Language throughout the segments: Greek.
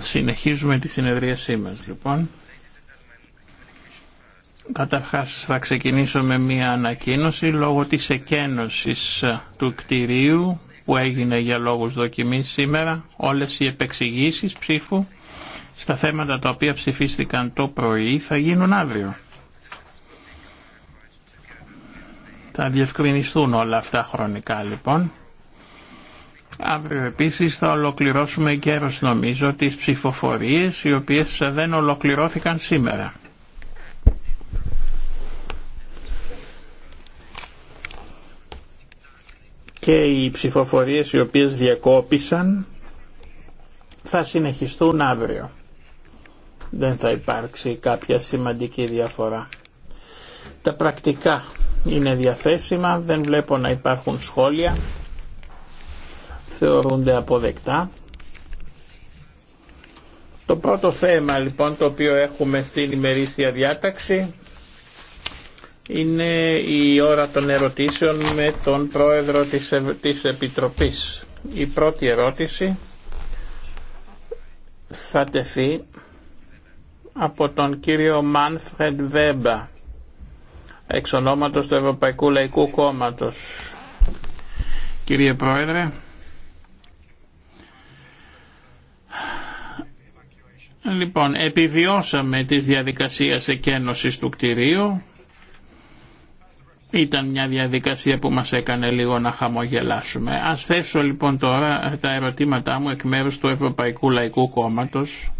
Συνεχίζουμε τη συνεδρίασή μας λοιπόν. Καταρχάς θα ξεκινήσω με μία ανακοίνωση λόγω της εκένωσης ε, του κτηρίου που έγινε για λόγους δοκιμής σήμερα. Όλες οι επεξηγήσεις ψήφου στα θέματα τα οποία ψηφίστηκαν το πρωί θα γίνουν αύριο. Θα διευκρινιστούν όλα αυτά χρονικά λοιπόν. Αύριο επίσης θα ολοκληρώσουμε καιρός νομίζω τις ψηφοφορίες οι οποίες δεν ολοκληρώθηκαν σήμερα. Και οι ψηφοφορίες οι οποίες διακόπησαν θα συνεχιστούν αύριο. Δεν θα υπάρξει κάποια σημαντική διαφορά. Τα πρακτικά είναι διαθέσιμα, δεν βλέπω να υπάρχουν σχόλια θεωρούνται αποδεκτά. Το πρώτο θέμα λοιπόν το οποίο έχουμε στην ημερήσια διάταξη είναι η ώρα των ερωτήσεων με τον πρόεδρο της, της Επιτροπής. Η πρώτη ερώτηση θα τεθεί από τον κύριο Μάνφρεντ Βέμπα εξ του Ευρωπαϊκού Λαϊκού Κόμματος. Κύριε Πρόεδρε, Λοιπόν, επιβιώσαμε τις διαδικασίες εκένωσης του κτηρίου. Ήταν μια διαδικασία που μας έκανε λίγο να χαμογελάσουμε. Ας θέσω λοιπόν τώρα τα ερωτήματά μου εκ μέρους του Ευρωπαϊκού Λαϊκού Κόμματος.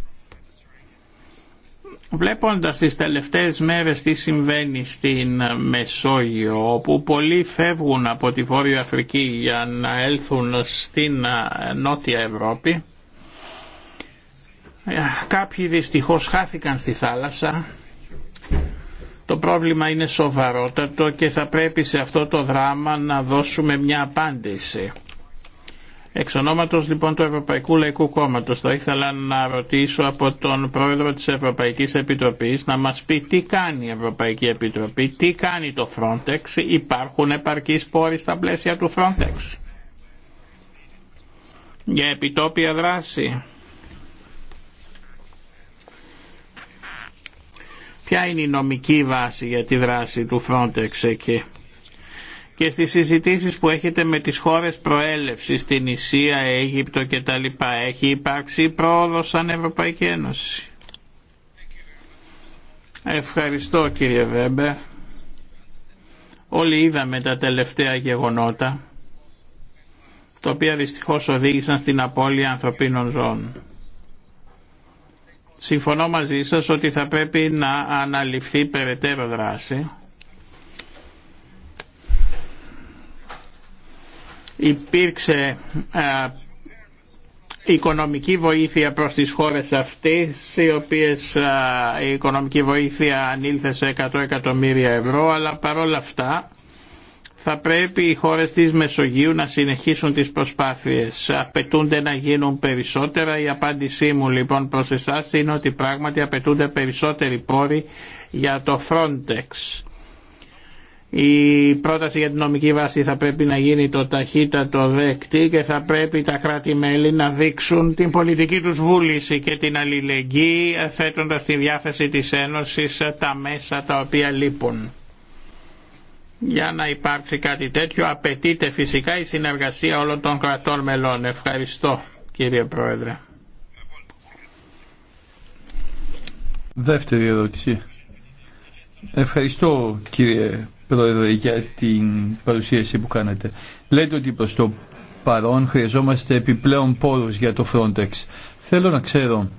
Βλέποντας τις τελευταίες μέρες τι συμβαίνει στην Μεσόγειο, όπου πολλοί φεύγουν από τη Βόρεια Αφρική για να έλθουν στην Νότια Ευρώπη, Κάποιοι δυστυχώς χάθηκαν στη θάλασσα. Το πρόβλημα είναι σοβαρότατο και θα πρέπει σε αυτό το δράμα να δώσουμε μια απάντηση. Εξ ονόματος λοιπόν του Ευρωπαϊκού Λαϊκού Κόμματος θα ήθελα να ρωτήσω από τον πρόεδρο της Ευρωπαϊκής Επιτροπής να μας πει τι κάνει η Ευρωπαϊκή Επιτροπή, τι κάνει το Frontex, υπάρχουν επαρκείς πόροι στα πλαίσια του Frontex. Για επιτόπια δράση Ποια είναι η νομική βάση για τη δράση του Frontex εκεί. Και στις συζητήσεις που έχετε με τις χώρες προέλευσης, την Ισία, Αίγυπτο κτλ. Έχει υπάρξει πρόοδο σαν Ευρωπαϊκή Ένωση. Ευχαριστώ κύριε Βέμπερ. Όλοι είδαμε τα τελευταία γεγονότα, τα οποία δυστυχώς οδήγησαν στην απώλεια ανθρωπίνων ζώων. Συμφωνώ μαζί σας ότι θα πρέπει να αναλυφθεί περαιτέρω δράση. Υπήρξε οικονομική βοήθεια προς τις χώρες αυτές, οι οποίες η οικονομική βοήθεια ανήλθε σε 100 εκατομμύρια ευρώ, αλλά παρόλα αυτά θα πρέπει οι χώρες της Μεσογείου να συνεχίσουν τις προσπάθειες. Απαιτούνται να γίνουν περισσότερα. Η απάντησή μου λοιπόν προς εσάς είναι ότι πράγματι απαιτούνται περισσότεροι πόροι για το Frontex. Η πρόταση για την νομική βάση θα πρέπει να γίνει το ταχύτατο δέκτη και θα πρέπει τα κράτη-μέλη να δείξουν την πολιτική τους βούληση και την αλληλεγγύη θέτοντας στη διάθεση της Ένωσης τα μέσα τα οποία λείπουν. Για να υπάρξει κάτι τέτοιο απαιτείται φυσικά η συνεργασία όλων των κρατών μελών. Ευχαριστώ κύριε Πρόεδρε. Δεύτερη ερώτηση. Ευχαριστώ κύριε Πρόεδρε για την παρουσίαση που κάνατε. Λέτε ότι προς το παρόν χρειαζόμαστε επιπλέον πόρους για το Frontex. Θέλω να ξέρω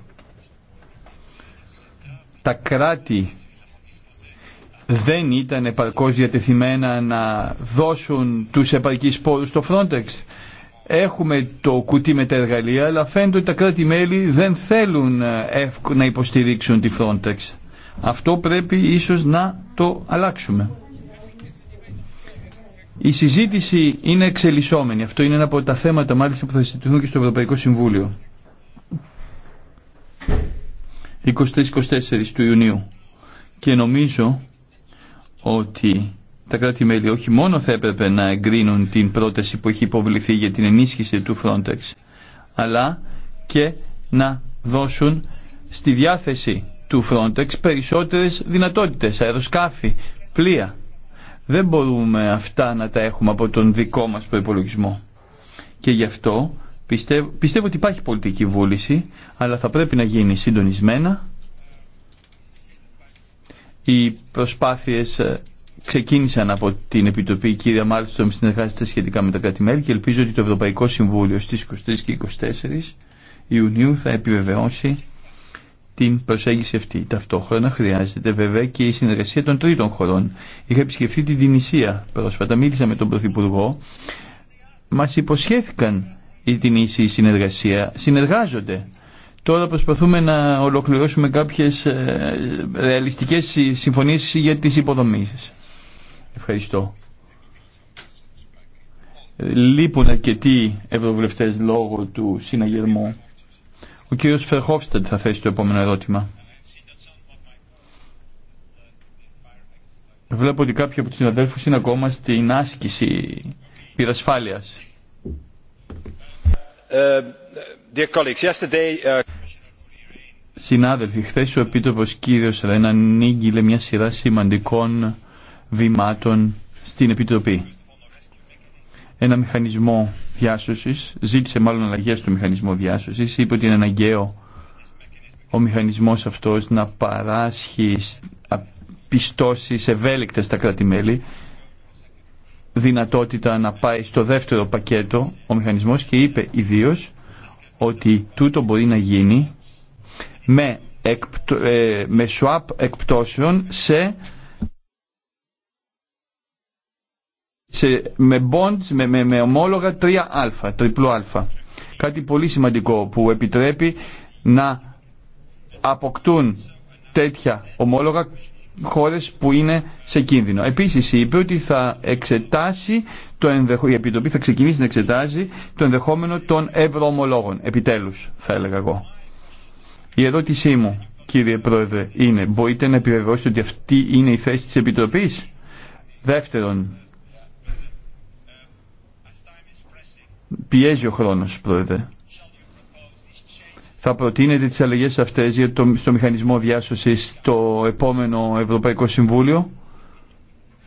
τα κράτη δεν ήταν επαρκώς διατεθειμένα να δώσουν τους επαρκείς πόρους στο Frontex. Έχουμε το κουτί με τα εργαλεία, αλλά φαίνεται ότι τα κράτη-μέλη δεν θέλουν ε, να υποστηρίξουν τη Frontex. Αυτό πρέπει ίσως να το αλλάξουμε. Η συζήτηση είναι εξελισσόμενη. Αυτό είναι ένα από τα θέματα μάλιστα που θα συζητηθούν και στο Ευρωπαϊκό Συμβούλιο. 23-24 του Ιουνίου. Και νομίζω ότι τα κράτη-μέλη όχι μόνο θα έπρεπε να εγκρίνουν την πρόταση που έχει υποβληθεί για την ενίσχυση του Frontex, αλλά και να δώσουν στη διάθεση του Frontex περισσότερες δυνατότητες, αεροσκάφη, πλοία. Δεν μπορούμε αυτά να τα έχουμε από τον δικό μας προϋπολογισμό. Και γι' αυτό πιστεύω, πιστεύω ότι υπάρχει πολιτική βούληση, αλλά θα πρέπει να γίνει συντονισμένα οι προσπάθειε ε, ξεκίνησαν από την Επιτροπή η κυρία Μάλστρομ συνεργάζεται σχετικά με τα κράτη-μέλη και ελπίζω ότι το Ευρωπαϊκό Συμβούλιο στι 23 και 24 Ιουνίου θα επιβεβαιώσει την προσέγγιση αυτή. Ταυτόχρονα χρειάζεται βέβαια και η συνεργασία των τρίτων χωρών. Είχα επισκεφθεί την Τινησία πρόσφατα, μίλησα με τον Πρωθυπουργό. Μα υποσχέθηκαν οι η συνεργασία, συνεργάζονται Τώρα προσπαθούμε να ολοκληρώσουμε κάποιες ε, ρεαλιστικές συμφωνίες για τις υποδομήσεις. Ευχαριστώ. Λείπουν αρκετοί ευρωβουλευτές λόγω του συναγερμού. Ο κύριος Φερχόφστατ θα θέσει το επόμενο ερώτημα. Βλέπω ότι κάποιοι από τους συναδέλφους είναι ακόμα στην άσκηση πυρασφάλειας. Ε, Uh, Συνάδελφοι, χθε ο επίτροπο κύριος Ρένα ανήγγειλε μια σειρά σημαντικών βημάτων στην Επιτροπή. Ένα μηχανισμό διάσωση, ζήτησε μάλλον αλλαγέ στο μηχανισμό διάσωσης, είπε ότι είναι αναγκαίο ο μηχανισμός αυτός να παράσχει πιστώσει ευέλικτε στα κράτη-μέλη, δυνατότητα να πάει στο δεύτερο πακέτο ο μηχανισμός και είπε ιδίω ότι τούτο μπορεί να γίνει με, ε, με swap εκπτώσεων σε, σε με bonds, με, με, με ομόλογα 3α, τριπλό α. Κάτι πολύ σημαντικό που επιτρέπει να αποκτούν τέτοια ομόλογα χώρες που είναι σε κίνδυνο. Επίσης είπε ότι θα εξετάσει το ενδεχο... η Επιτροπή θα ξεκινήσει να εξετάζει το ενδεχόμενο των ευρωομολόγων. Επιτέλους θα έλεγα εγώ. Η ερώτησή μου κύριε Πρόεδρε είναι μπορείτε να επιβεβαιώσετε ότι αυτή είναι η θέση της Επιτροπής. Δεύτερον πιέζει ο χρόνος Πρόεδρε θα προτείνετε τις αλλαγές αυτές για το, στο μηχανισμό διάσωσης στο επόμενο Ευρωπαϊκό Συμβούλιο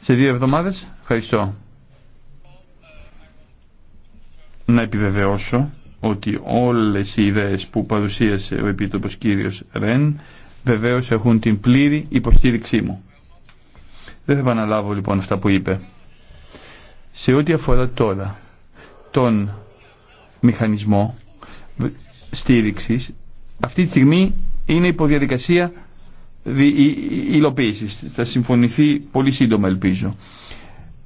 σε δύο εβδομάδες. Ευχαριστώ. Να επιβεβαιώσω ότι όλες οι ιδέες που παρουσίασε ο Επίτροπος κύριος Ρεν βεβαίως έχουν την πλήρη υποστήριξή μου. Δεν θα επαναλάβω λοιπόν αυτά που είπε. Σε ό,τι αφορά τώρα τον μηχανισμό στήριξης αυτή τη στιγμή είναι υποδιαδικασία υλοποίηση. Θα συμφωνηθεί πολύ σύντομα ελπίζω.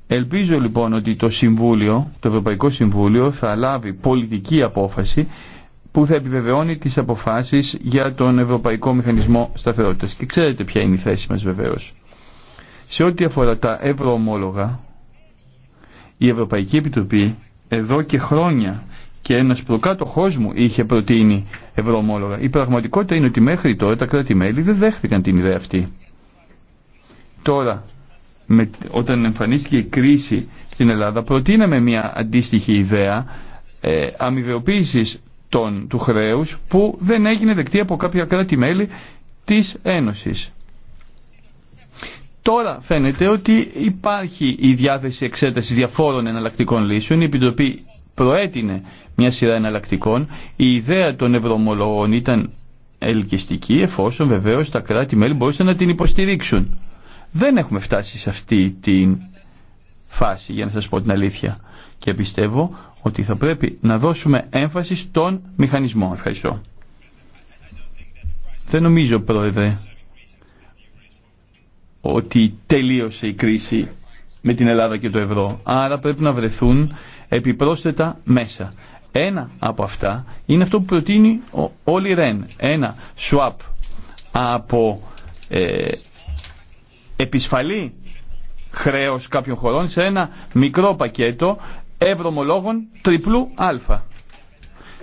Ελπίζω λοιπόν ότι το Συμβούλιο, το Ευρωπαϊκό Συμβούλιο θα λάβει πολιτική απόφαση που θα επιβεβαιώνει τις αποφάσεις για τον Ευρωπαϊκό Μηχανισμό Σταθερότητας. Και ξέρετε ποια είναι η θέση μας βεβαίως. Σε ό,τι αφορά τα ευρωομόλογα, η Ευρωπαϊκή Επιτροπή εδώ και χρόνια και ένας προκάτοχό μου είχε προτείνει ευρωομόλογα. Η πραγματικότητα είναι ότι μέχρι τώρα τα κράτη-μέλη δεν δέχτηκαν την ιδέα αυτή. Τώρα, όταν εμφανίστηκε η κρίση στην Ελλάδα, προτείναμε μια αντίστοιχη ιδέα ε, του χρέου που δεν έγινε δεκτή από κάποια κράτη-μέλη τη ένωση Τώρα φαίνεται ότι υπάρχει η διάθεση εξέταση διαφόρων εναλλακτικών λύσεων. Η Επιτροπή προέτεινε μια σειρά εναλλακτικών. Η ιδέα των ευρωομολογών ήταν ελκυστική εφόσον βεβαίως τα κράτη-μέλη μπορούσαν να την υποστηρίξουν. Δεν έχουμε φτάσει σε αυτή τη φάση για να σας πω την αλήθεια και πιστεύω ότι θα πρέπει να δώσουμε έμφαση στον μηχανισμό. Ευχαριστώ. Δεν νομίζω πρόεδρε ότι τελείωσε η κρίση με την Ελλάδα και το ευρώ. Άρα πρέπει να βρεθούν επιπρόσθετα μέσα. Ένα από αυτά είναι αυτό που προτείνει ο Όλι Ρεν. Ένα swap από ε, επισφαλή χρέος κάποιων χωρών σε ένα μικρό πακέτο ευρωμολόγων τριπλού α.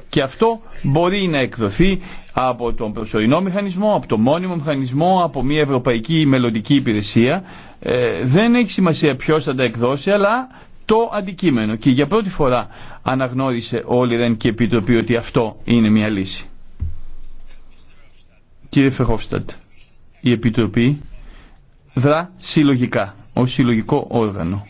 Και αυτό μπορεί να εκδοθεί από τον προσωρινό μηχανισμό, από τον μόνιμο μηχανισμό, από μια ευρωπαϊκή μελλοντική υπηρεσία. Ε, δεν έχει σημασία ποιος θα τα εκδώσει, αλλά το αντικείμενο και για πρώτη φορά αναγνώρισε όλη η και Επιτροπή ότι αυτό είναι μια λύση. Κύριε Φεχόφστατ, η Επιτροπή δρά συλλογικά, ω συλλογικό όργανο.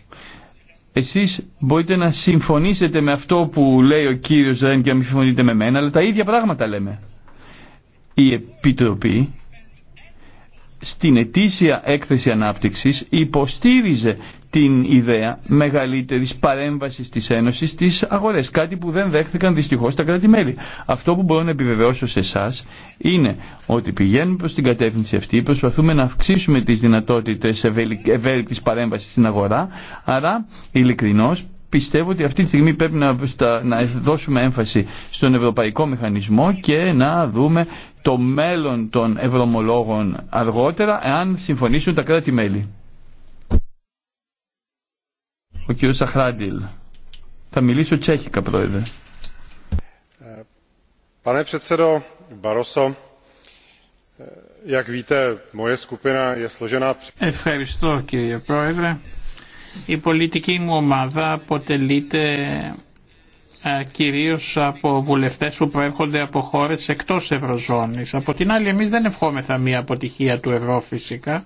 Εσείς μπορείτε να συμφωνήσετε με αυτό που λέει ο κύριος Ρεν και να μην συμφωνείτε με μένα, αλλά τα ίδια πράγματα λέμε. Η Επιτροπή στην ετήσια έκθεση ανάπτυξης υποστήριζε την ιδέα μεγαλύτερης παρέμβασης της Ένωσης στις αγορές, κάτι που δεν δέχθηκαν δυστυχώς τα κράτη-μέλη. Αυτό που μπορώ να επιβεβαιώσω σε εσά είναι ότι πηγαίνουμε προς την κατεύθυνση αυτή, προσπαθούμε να αυξήσουμε τις δυνατότητες ευέλικτης παρέμβασης στην αγορά, άρα ειλικρινώς πιστεύω ότι αυτή τη στιγμή πρέπει να, δώσουμε έμφαση στον ευρωπαϊκό μηχανισμό και να δούμε το μέλλον των ευρωμολόγων αργότερα, εάν συμφωνήσουν τα κράτη-μέλη. Ο κ. Σαχράντιλ. Θα μιλήσω τσέχικα, πρόεδρε. Pane předsedo Barroso, jak víte, moje skupina je složena... Ευχαριστώ κύριε Πρόεδρε. Η πολιτική μου ομάδα αποτελείται ε, κυρίως από βουλευτές που προέρχονται από χώρες εκτός Ευρωζώνης. Από την άλλη εμείς δεν ευχόμεθα μία αποτυχία του ευρώ φυσικά.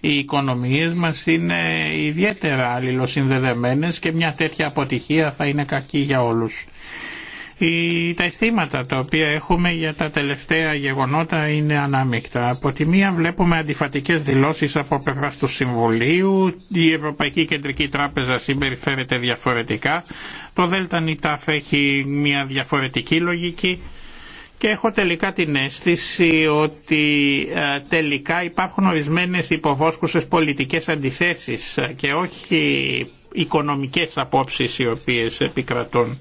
Οι οικονομίες μας είναι ιδιαίτερα αλληλοσυνδεδεμένες και μια τέτοια αποτυχία θα είναι κακή για όλους. Η, τα αισθήματα τα οποία έχουμε για τα τελευταία γεγονότα είναι ανάμεικτα. Από τη μία βλέπουμε αντιφατικές δηλώσεις από πλευρά του Συμβουλίου, η Ευρωπαϊκή Κεντρική Τράπεζα συμπεριφέρεται διαφορετικά, το Δέλτα Νιτάφ έχει μια διαφορετική λογική και έχω τελικά την αίσθηση ότι ε, τελικά υπάρχουν ορισμένες υποβόσκουσες πολιτικές αντιθέσεις και όχι οικονομικές απόψεις οι οποίες επικρατούν.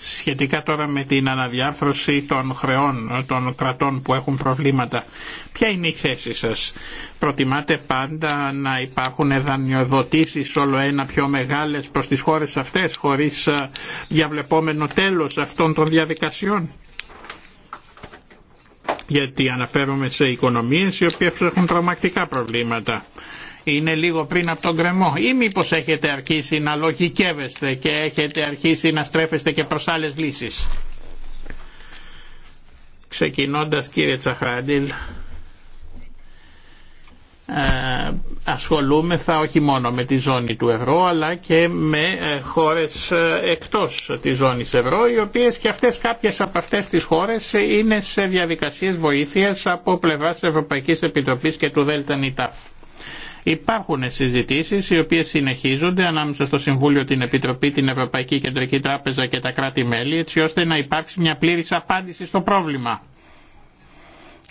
σχετικά τώρα με την αναδιάρθρωση των χρεών των κρατών που έχουν προβλήματα. Ποια είναι η θέση σας. Προτιμάτε πάντα να υπάρχουν δανειοδοτήσεις όλο ένα πιο μεγάλες προς τις χώρες αυτές χωρίς ε, διαβλεπόμενο τέλος αυτών των διαδικασιών. Γιατί αναφέρομαι σε οικονομίες οι οποίες έχουν τρομακτικά προβλήματα είναι λίγο πριν από τον κρεμό ή μήπως έχετε αρχίσει να λογικεύεστε και έχετε αρχίσει να στρέφεστε και προς άλλες λύσεις. Ξεκινώντας κύριε Τσαχράντιλ, ε, ασχολούμεθα όχι μόνο με τη ζώνη του ευρώ αλλά και με ε, χώρες ε, εκτός της ζώνης ευρώ οι οποίες και αυτές κάποιες από αυτές τις χώρες είναι σε διαδικασίες βοήθειας από πλευράς Ευρωπαϊκής Επιτροπής και του ΔΝΤ. Υπάρχουν συζητήσεις οι οποίες συνεχίζονται ανάμεσα στο Συμβούλιο, την Επιτροπή, την Ευρωπαϊκή Κεντρική Τράπεζα και τα κράτη-μέλη έτσι ώστε να υπάρξει μια πλήρης απάντηση στο πρόβλημα.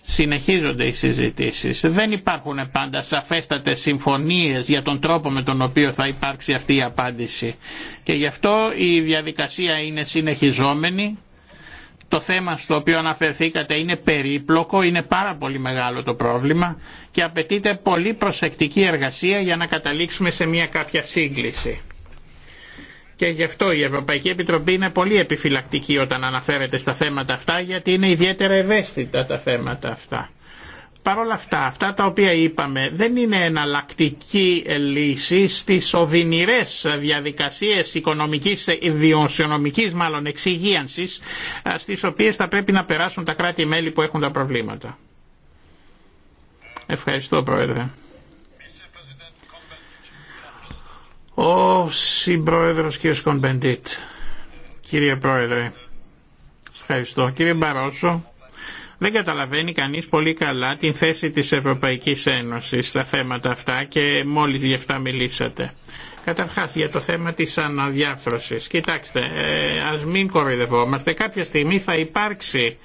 Συνεχίζονται οι συζητήσεις. Δεν υπάρχουν πάντα σαφέστατες συμφωνίες για τον τρόπο με τον οποίο θα υπάρξει αυτή η απάντηση. Και γι' αυτό η διαδικασία είναι συνεχιζόμενη το θέμα στο οποίο αναφερθήκατε είναι περίπλοκο, είναι πάρα πολύ μεγάλο το πρόβλημα και απαιτείται πολύ προσεκτική εργασία για να καταλήξουμε σε μια κάποια σύγκληση. Και γι' αυτό η Ευρωπαϊκή Επιτροπή είναι πολύ επιφυλακτική όταν αναφέρεται στα θέματα αυτά γιατί είναι ιδιαίτερα ευαίσθητα τα θέματα αυτά. Παρ' όλα αυτά, αυτά τα οποία είπαμε δεν είναι εναλλακτική λύση στις οδυνηρές διαδικασίες οικονομικής, δημοσιονομικής μάλλον εξυγίανσης, στις οποίες θα πρέπει να περάσουν τα κράτη-μέλη που έχουν τα προβλήματα. Ευχαριστώ Πρόεδρε. Ο Συμπρόεδρος κ. Σκονπεντήτ. Κύριε Πρόεδρε, ευχαριστώ. Κύριε Μπαρόσο, δεν καταλαβαίνει κανείς πολύ καλά την θέση της Ευρωπαϊκής Ένωσης στα θέματα αυτά και μόλις γι' αυτά μιλήσατε. Καταρχά για το θέμα της αναδιάφρωσης. Κοιτάξτε, ε, ας μην κοροϊδευόμαστε. Κάποια στιγμή θα υπάρξει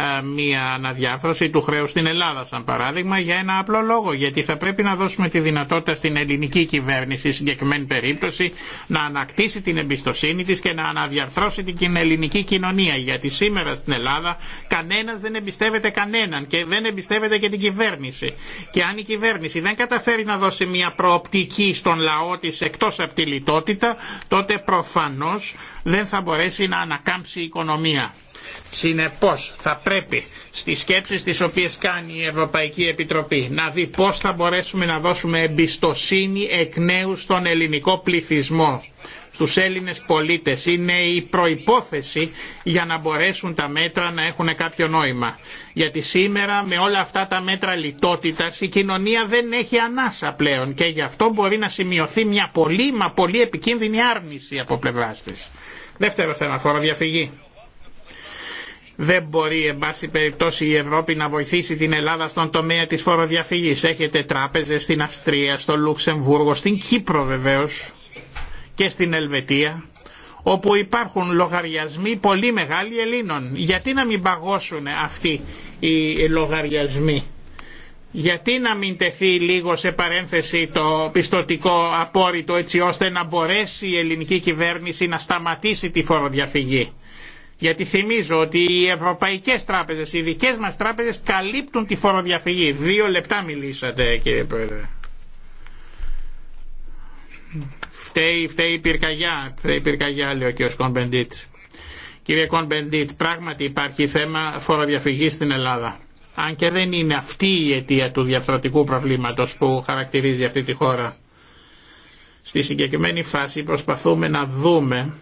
ε, μία αναδιάρθρωση του χρέους στην Ελλάδα σαν παράδειγμα για ένα απλό λόγο γιατί θα πρέπει να δώσουμε τη δυνατότητα στην ελληνική κυβέρνηση συγκεκριμένη περίπτωση να ανακτήσει την εμπιστοσύνη της και να αναδιαρθρώσει την ελληνική κοινωνία γιατί σήμερα στην Ελλάδα κανένας δεν εμπιστεύεται κανέναν και δεν εμπιστεύεται και την κυβέρνηση και αν η κυβέρνηση δεν καταφέρει να δώσει μια προοπτική στον λαό της εκτός από τη λιτότητα τότε προφανώς δεν θα μπορέσει να ανακάμψει η οικονομία. Συνεπώς θα πρέπει στις σκέψεις τις οποίες κάνει η Ευρωπαϊκή Επιτροπή να δει πώς θα μπορέσουμε να δώσουμε εμπιστοσύνη εκ νέου στον ελληνικό πληθυσμό στους Έλληνες πολίτες είναι η προϋπόθεση για να μπορέσουν τα μέτρα να έχουν κάποιο νόημα. Γιατί σήμερα με όλα αυτά τα μέτρα λιτότητας η κοινωνία δεν έχει ανάσα πλέον και γι' αυτό μπορεί να σημειωθεί μια πολύ μα πολύ επικίνδυνη άρνηση από πλευράς της. Δεύτερο θέμα, φοροδιαφυγή δεν μπορεί εν πάση περιπτώσει η Ευρώπη να βοηθήσει την Ελλάδα στον τομέα της φοροδιαφυγής. Έχετε τράπεζες στην Αυστρία, στο Λουξεμβούργο, στην Κύπρο βεβαίως και στην Ελβετία όπου υπάρχουν λογαριασμοί πολύ μεγάλοι Ελλήνων. Γιατί να μην παγώσουν αυτοί οι λογαριασμοί. Γιατί να μην τεθεί λίγο σε παρένθεση το πιστοτικό απόρριτο έτσι ώστε να μπορέσει η ελληνική κυβέρνηση να σταματήσει τη φοροδιαφυγή γιατί θυμίζω ότι οι Ευρωπαϊκέ τράπεζε, οι δικέ μα τράπεζε καλύπτουν τη φοροδιαφυγή. Δύο λεπτά μιλήσατε κύριε Πρόεδρε. Φταίει, φταίει η πυρκαγιά, φταίει η λέει ο κύριος Κονπεντήτ. Κύριε Κονπεντήτ, πράγματι υπάρχει θέμα φοροδιαφυγής στην Ελλάδα. Αν και δεν είναι αυτή η αιτία του διαφθορτικού προβλήματο που χαρακτηρίζει αυτή τη χώρα. Στη συγκεκριμένη φάση προσπαθούμε να δούμε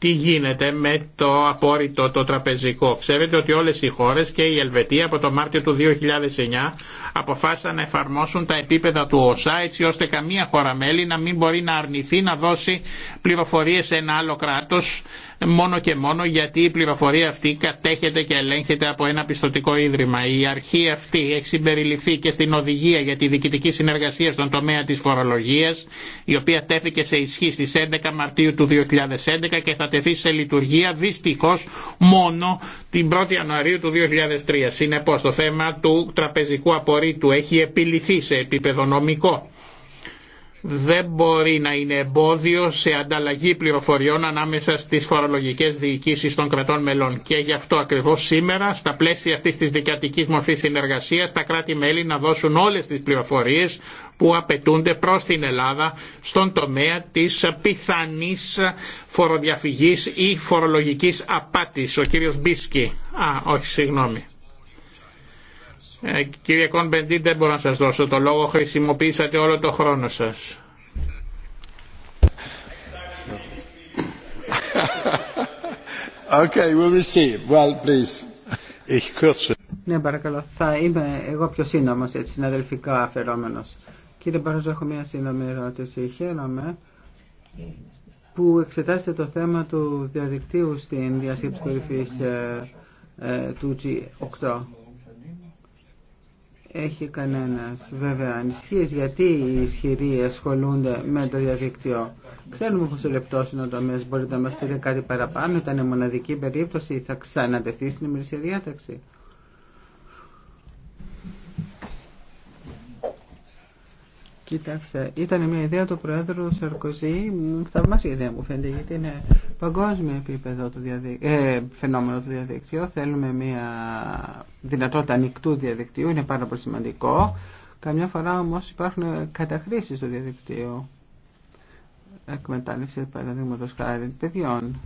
τι γίνεται με το απόρριτο το τραπεζικό. Ξέρετε ότι όλες οι χώρες και η Ελβετία από το Μάρτιο του 2009 αποφάσισαν να εφαρμόσουν τα επίπεδα του ΩΣΑ έτσι ώστε καμία χώρα μέλη να μην μπορεί να αρνηθεί να δώσει πληροφορίες σε ένα άλλο κράτος μόνο και μόνο γιατί η πληροφορία αυτή κατέχεται και ελέγχεται από ένα πιστοτικό ίδρυμα. Η αρχή αυτή έχει συμπεριληφθεί και στην οδηγία για τη διοικητική συνεργασία στον τομέα της φορολογίας, η οποία τέθηκε σε ισχύ στις 11 Μαρτίου του 2011 και θα τεθεί σε λειτουργία δυστυχώς μόνο την 1η Ιανουαρίου του 2003. Συνεπώς το θέμα του τραπεζικού απορρίτου έχει επιληθεί σε επίπεδο νομικό δεν μπορεί να είναι εμπόδιο σε ανταλλαγή πληροφοριών ανάμεσα στις φορολογικές διοικήσεις των κρατών μελών. Και γι' αυτό ακριβώς σήμερα, στα πλαίσια αυτής της δικατικής μορφής συνεργασίας, τα κράτη-μέλη να δώσουν όλες τις πληροφορίες που απαιτούνται προς την Ελλάδα στον τομέα της πιθανής φοροδιαφυγής ή φορολογικής απάτης. Ο κύριος Μπίσκι. Α, όχι, συγγνώμη. Ε, κύριε Κονπεντή, δεν μπορώ να σας δώσω το λόγο. Χρησιμοποίησατε όλο το χρόνο σας. Okay, we'll receive. Well, please. Ich kürze. Ναι, παρακαλώ. Θα είμαι εγώ πιο σύντομο, έτσι, συναδελφικά αφαιρόμενο. Κύριε Μπαρόζο, έχω μία σύντομη ερώτηση. Χαίρομαι που εξετάσετε το θέμα του διαδικτύου στην διασκέψη κορυφή ε, ε, του G8 έχει κανένας βέβαια ανησυχίες γιατί οι ισχυροί ασχολούνται με το διαδικτυό. Ξέρουμε πως ο ο τομέας. μπορεί να μας πείτε κάτι παραπάνω, ήταν μοναδική περίπτωση, θα ξανατεθεί στην ημερησία διάταξη. Κοιτάξτε, ήταν μια ιδέα του Πρόεδρου Σαρκοζή, θαυμάσια ιδέα μου φαίνεται, γιατί είναι παγκόσμιο επίπεδο του διαδικ... ε, φαινόμενο του διαδικτύου. Θέλουμε μια δυνατότητα ανοιχτού διαδικτύου, είναι πάρα πολύ σημαντικό. Καμιά φορά όμως υπάρχουν καταχρήσεις στο διαδικτύο Εκμετάλλευση, παραδείγματο χάρη παιδιών.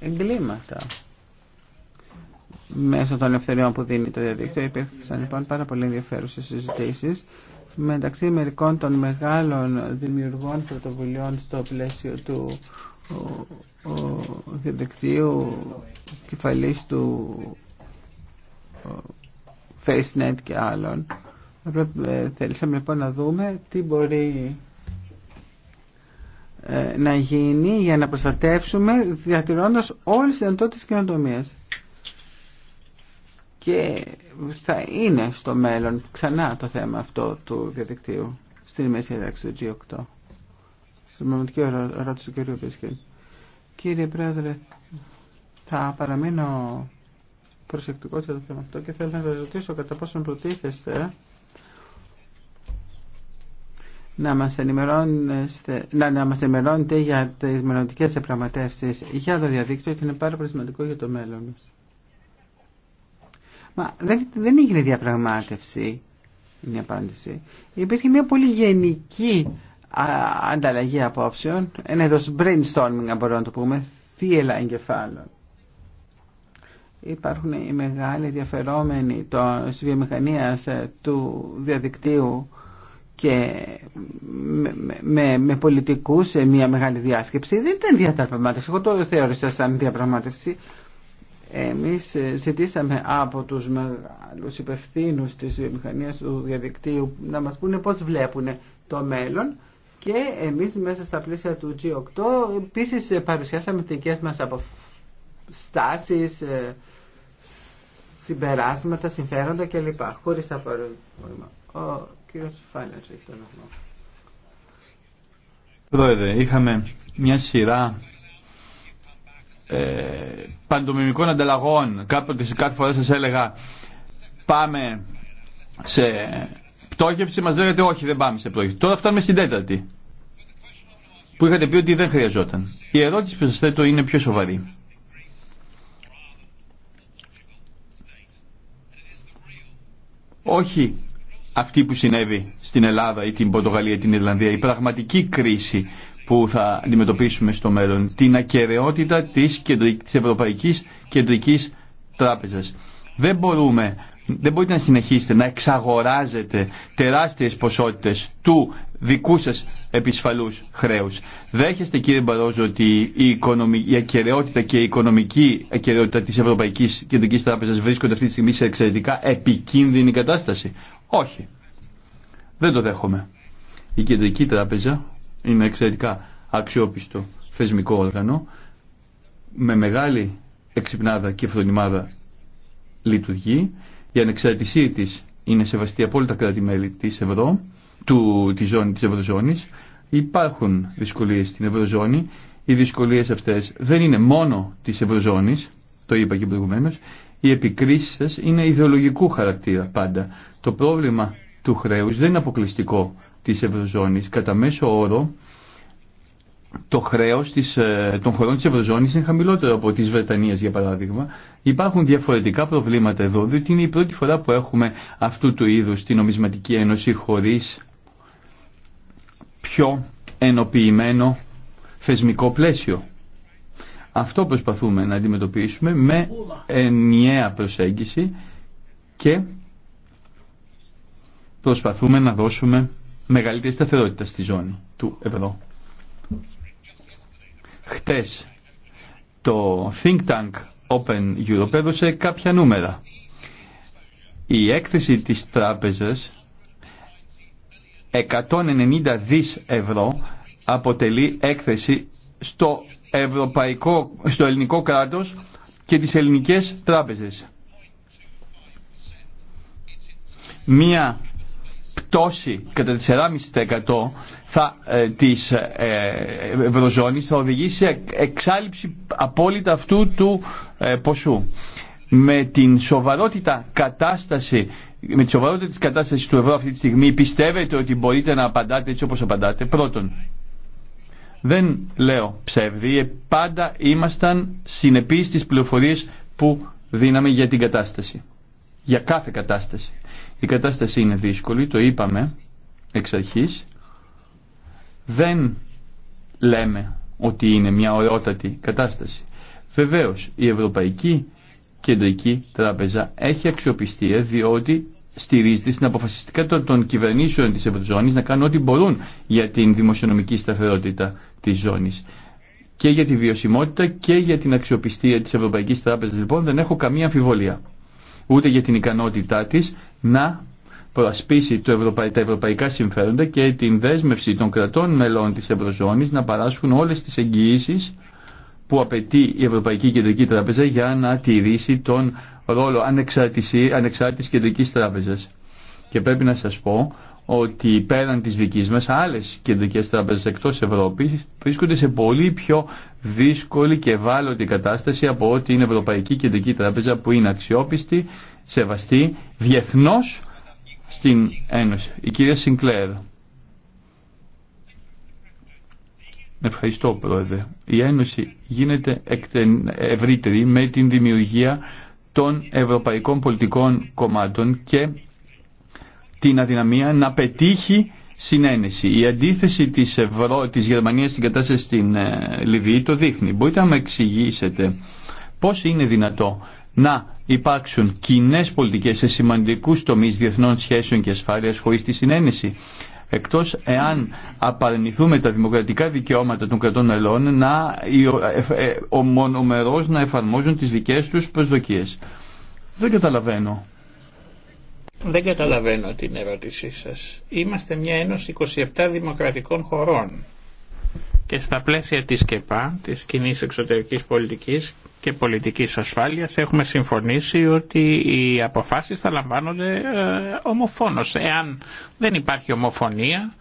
Εγκλήματα. Μέσω των ελευθεριών που δίνει το διαδίκτυο υπήρξαν λοιπόν πάρα πολύ ενδιαφέρουσε συζητήσει μεταξύ μερικών των μεγάλων δημιουργών πρωτοβουλειών στο πλαίσιο του ο, ο διαδικτύου κεφαλής του ο, FaceNet και άλλων. Ε, θέλησαμε λοιπόν να δούμε τι μπορεί ε, να γίνει για να προστατεύσουμε διατηρώντας όλες τις δυνατότητες καινοτομίας και θα είναι στο μέλλον ξανά το θέμα αυτό του διαδικτύου στην μέση εντάξει του G8. Στην πραγματική ερώτηση του κ. Πίσκελ. Κύριε Πρόεδρε, θα παραμείνω προσεκτικό για το θέμα αυτό και θέλω να σα ρωτήσω κατά πόσον προτίθεστε να μας, να, να ενημερώνετε για τις μελλοντικές επραγματεύσεις για το διαδίκτυο και είναι πάρα πολύ σημαντικό για το μέλλον μας. Μα δεν, δεν έγινε διαπραγμάτευση, είναι η απάντηση. Υπήρχε μια πολύ γενική ανταλλαγή απόψεων, ένα είδο brainstorming, αν μπορούμε να το πούμε, θύελα εγκεφάλων. Υπάρχουν οι μεγάλοι ενδιαφερόμενοι τη βιομηχανία ε, του διαδικτύου και με, με, με πολιτικούς σε μια μεγάλη διάσκεψη. Δεν ήταν διαπραγμάτευση. Εγώ το θεώρησα σαν διαπραγμάτευση. Εμείς ζητήσαμε από τους μεγάλους υπευθύνους της βιομηχανίας του διαδικτύου να μας πούνε πώς βλέπουν το μέλλον και εμείς μέσα στα πλαίσια του G8 επίσης παρουσιάσαμε δικέ δικές μας αποστάσεις, ε, συμπεράσματα, συμφέροντα κλπ. Χωρίς απορροφή. Ο κύριος Φάλιας έχει τον λόγο. Πρόεδρε, είχαμε μια σειρά ε, παντομιμικών ανταλλαγών. Κάποτε κάθε φορά σας έλεγα πάμε σε πτώχευση, μας λέγατε όχι δεν πάμε σε πτώχευση. Τώρα φτάνουμε στην τέταρτη που είχατε πει ότι δεν χρειαζόταν. Η ερώτηση που σας θέτω είναι πιο σοβαρή. Όχι αυτή που συνέβη στην Ελλάδα ή την Πορτογαλία ή την Ιρλανδία. Η πραγματική κρίση που θα αντιμετωπίσουμε στο μέλλον. Την ακαιρεότητα της, της Ευρωπαϊκής Κεντρικής Τράπεζας. Δεν μπορούμε δεν μπορείτε να συνεχίσετε να εξαγοράζετε τεράστιες ποσότητες του δικού σας επισφαλούς χρέους. Δέχεστε κύριε Μπαρόζο ότι η, η ακαιρεότητα και η οικονομική ακαιρεότητα της Ευρωπαϊκής Κεντρικής Τράπεζας βρίσκονται αυτή τη στιγμή σε εξαιρετικά επικίνδυνη κατάσταση. Όχι. Δεν το δέχομαι. Η Κεντρική Τράπεζα είναι εξαιρετικά αξιόπιστο θεσμικό όργανο με μεγάλη εξυπνάδα και φρονιμάδα λειτουργεί. Η ανεξαρτησία της είναι σεβαστή από όλα τα κράτη-μέλη της Ευρώ, του, της, ζώνη, της Ευρωζώνης. Υπάρχουν δυσκολίες στην Ευρωζώνη. Οι δυσκολίες αυτές δεν είναι μόνο της Ευρωζώνης, το είπα και προηγουμένω. Οι επικρίσεις είναι ιδεολογικού χαρακτήρα πάντα. Το πρόβλημα του χρέους δεν είναι αποκλειστικό της Ευρωζώνης. Κατά μέσο όρο το χρέος ε, των χωρών της Ευρωζώνης είναι χαμηλότερο από της Βρετανίας για παράδειγμα. Υπάρχουν διαφορετικά προβλήματα εδώ, διότι είναι η πρώτη φορά που έχουμε αυτού του είδους την νομισματική ένωση χωρίς πιο ενοποιημένο θεσμικό πλαίσιο. Αυτό προσπαθούμε να αντιμετωπίσουμε με ενιαία προσέγγιση και προσπαθούμε να δώσουμε μεγαλύτερη σταθερότητα στη ζώνη του ευρώ. Χτες το Think Tank Open Europe έδωσε κάποια νούμερα. Η έκθεση της τράπεζας 190 δις ευρώ αποτελεί έκθεση στο, ευρωπαϊκό, στο ελληνικό κράτος και τις ελληνικές τράπεζες. Μία τόση, κατά 4,5% θα, ε, της ε, Ευρωζώνης θα οδηγήσει σε εξάλληψη απόλυτα αυτού του ε, ποσού. Με την σοβαρότητα κατάσταση με τη σοβαρότητα της κατάστασης του ευρώ αυτή τη στιγμή πιστεύετε ότι μπορείτε να απαντάτε έτσι όπως απαντάτε. Πρώτον, δεν λέω ψεύδι, ε, πάντα ήμασταν συνεπείς στις πληροφορίες που δίναμε για την κατάσταση. Για κάθε κατάσταση. Η κατάσταση είναι δύσκολη, το είπαμε εξ αρχής. Δεν λέμε ότι είναι μια ωραιότατη κατάσταση. Βεβαίως, η Ευρωπαϊκή Κεντρική Τράπεζα έχει αξιοπιστία διότι στηρίζεται στην αποφασιστικότητα των κυβερνήσεων της Ευρωζώνης να κάνουν ό,τι μπορούν για την δημοσιονομική σταθερότητα της ζώνης και για τη βιωσιμότητα και για την αξιοπιστία της Ευρωπαϊκής Τράπεζας. Λοιπόν, δεν έχω καμία αμφιβολία ούτε για την ικανότητά της να προασπίσει το τα ευρωπαϊκά συμφέροντα και την δέσμευση των κρατών μελών της Ευρωζώνης να παράσχουν όλες τις εγγυήσεις που απαιτεί η Ευρωπαϊκή Κεντρική Τράπεζα για να τηρήσει τον ρόλο ανεξάρτητης κεντρικής τράπεζας. Και πρέπει να σας πω ότι πέραν της δικής μας άλλες κεντρικές τράπεζες εκτός Ευρώπης βρίσκονται σε πολύ πιο δύσκολη και ευάλωτη κατάσταση από ότι είναι Ευρωπαϊκή Κεντρική Τράπεζα που είναι αξιόπιστη σεβαστή διεθνώς στην Ένωση. Η κυρία Σινκλέρ. Ευχαριστώ πρόεδρε. Η Ένωση γίνεται ευρύτερη με την δημιουργία των ευρωπαϊκών πολιτικών κομμάτων και την αδυναμία να πετύχει συνένεση. Η αντίθεση της, Ευρώ, της Γερμανίας στην κατάσταση στην ε, Λιβύη το δείχνει. Μπορείτε να με εξηγήσετε πώς είναι δυνατό να υπάρξουν κοινέ πολιτικέ σε σημαντικού τομεί διεθνών σχέσεων και ασφάλεια χωρί τη συνένεση. Εκτό εάν απαρνηθούμε τα δημοκρατικά δικαιώματα των κρατών ελών να ε, ε, ομονομερό να εφαρμόζουν τι δικέ του προσδοκίε. Δεν καταλαβαίνω. Δεν καταλαβαίνω την ερώτησή σας. Είμαστε μια ένωση 27 δημοκρατικών χωρών και στα πλαίσια της ΚΕΠΑ, της κοινή εξωτερικής πολιτικής, και πολιτικής ασφάλειας έχουμε συμφωνήσει ότι οι αποφάσεις θα λαμβάνονται ε, ομοφόνος. Εάν δεν υπάρχει ομοφωνία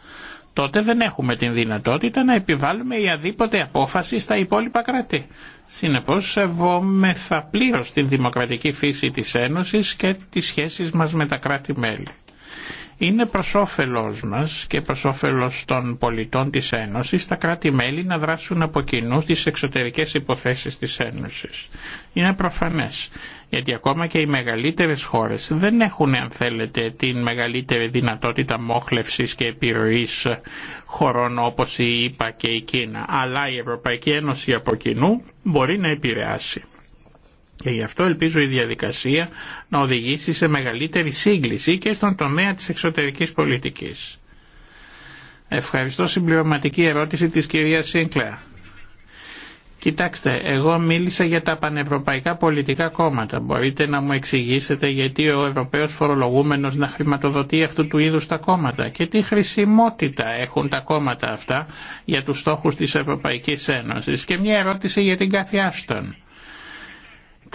τότε δεν έχουμε την δυνατότητα να επιβάλλουμε η αδίποτε απόφαση στα υπόλοιπα κράτη. Συνεπώς σεβόμεθα πλήρως την δημοκρατική φύση της Ένωσης και τις σχέσεις μας με τα κράτη-μέλη είναι προς όφελός μας και προς όφελος των πολιτών της Ένωσης τα κράτη-μέλη να δράσουν από κοινού τις εξωτερικές υποθέσεις της Ένωσης. Είναι προφανές, γιατί ακόμα και οι μεγαλύτερες χώρες δεν έχουν, αν θέλετε, την μεγαλύτερη δυνατότητα μόχλευσης και επιρροής χωρών όπως η ΙΠΑ και η Κίνα, αλλά η Ευρωπαϊκή Ένωση από κοινού μπορεί να επηρεάσει. Και γι' αυτό ελπίζω η διαδικασία να οδηγήσει σε μεγαλύτερη σύγκληση και στον τομέα της εξωτερικής πολιτικής. Ευχαριστώ συμπληρωματική ερώτηση της κυρίας Σίνκλα. Κοιτάξτε, εγώ μίλησα για τα πανευρωπαϊκά πολιτικά κόμματα. Μπορείτε να μου εξηγήσετε γιατί ο Ευρωπαίος φορολογούμενος να χρηματοδοτεί αυτού του είδους τα κόμματα και τι χρησιμότητα έχουν τα κόμματα αυτά για τους στόχους της Ευρωπαϊκής Ένωσης. Και μια ερώτηση για την κάθε άστον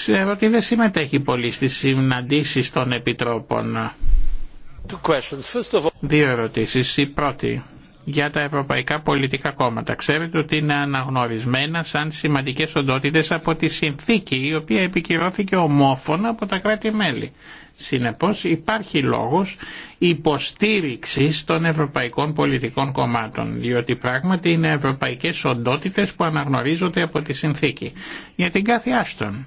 ξέρω ότι δεν συμμετέχει πολύ στις συναντήσεις των επιτρόπων. Δύο ερωτήσεις. Η πρώτη για τα ευρωπαϊκά πολιτικά κόμματα. Ξέρετε ότι είναι αναγνωρισμένα σαν σημαντικές οντότητες από τη συνθήκη η οποία επικυρώθηκε ομόφωνα από τα κράτη-μέλη. Συνεπώς υπάρχει λόγος υποστήριξης των ευρωπαϊκών πολιτικών κομμάτων, διότι πράγματι είναι ευρωπαϊκές οντότητες που αναγνωρίζονται από τη συνθήκη. Για την κάθε άστον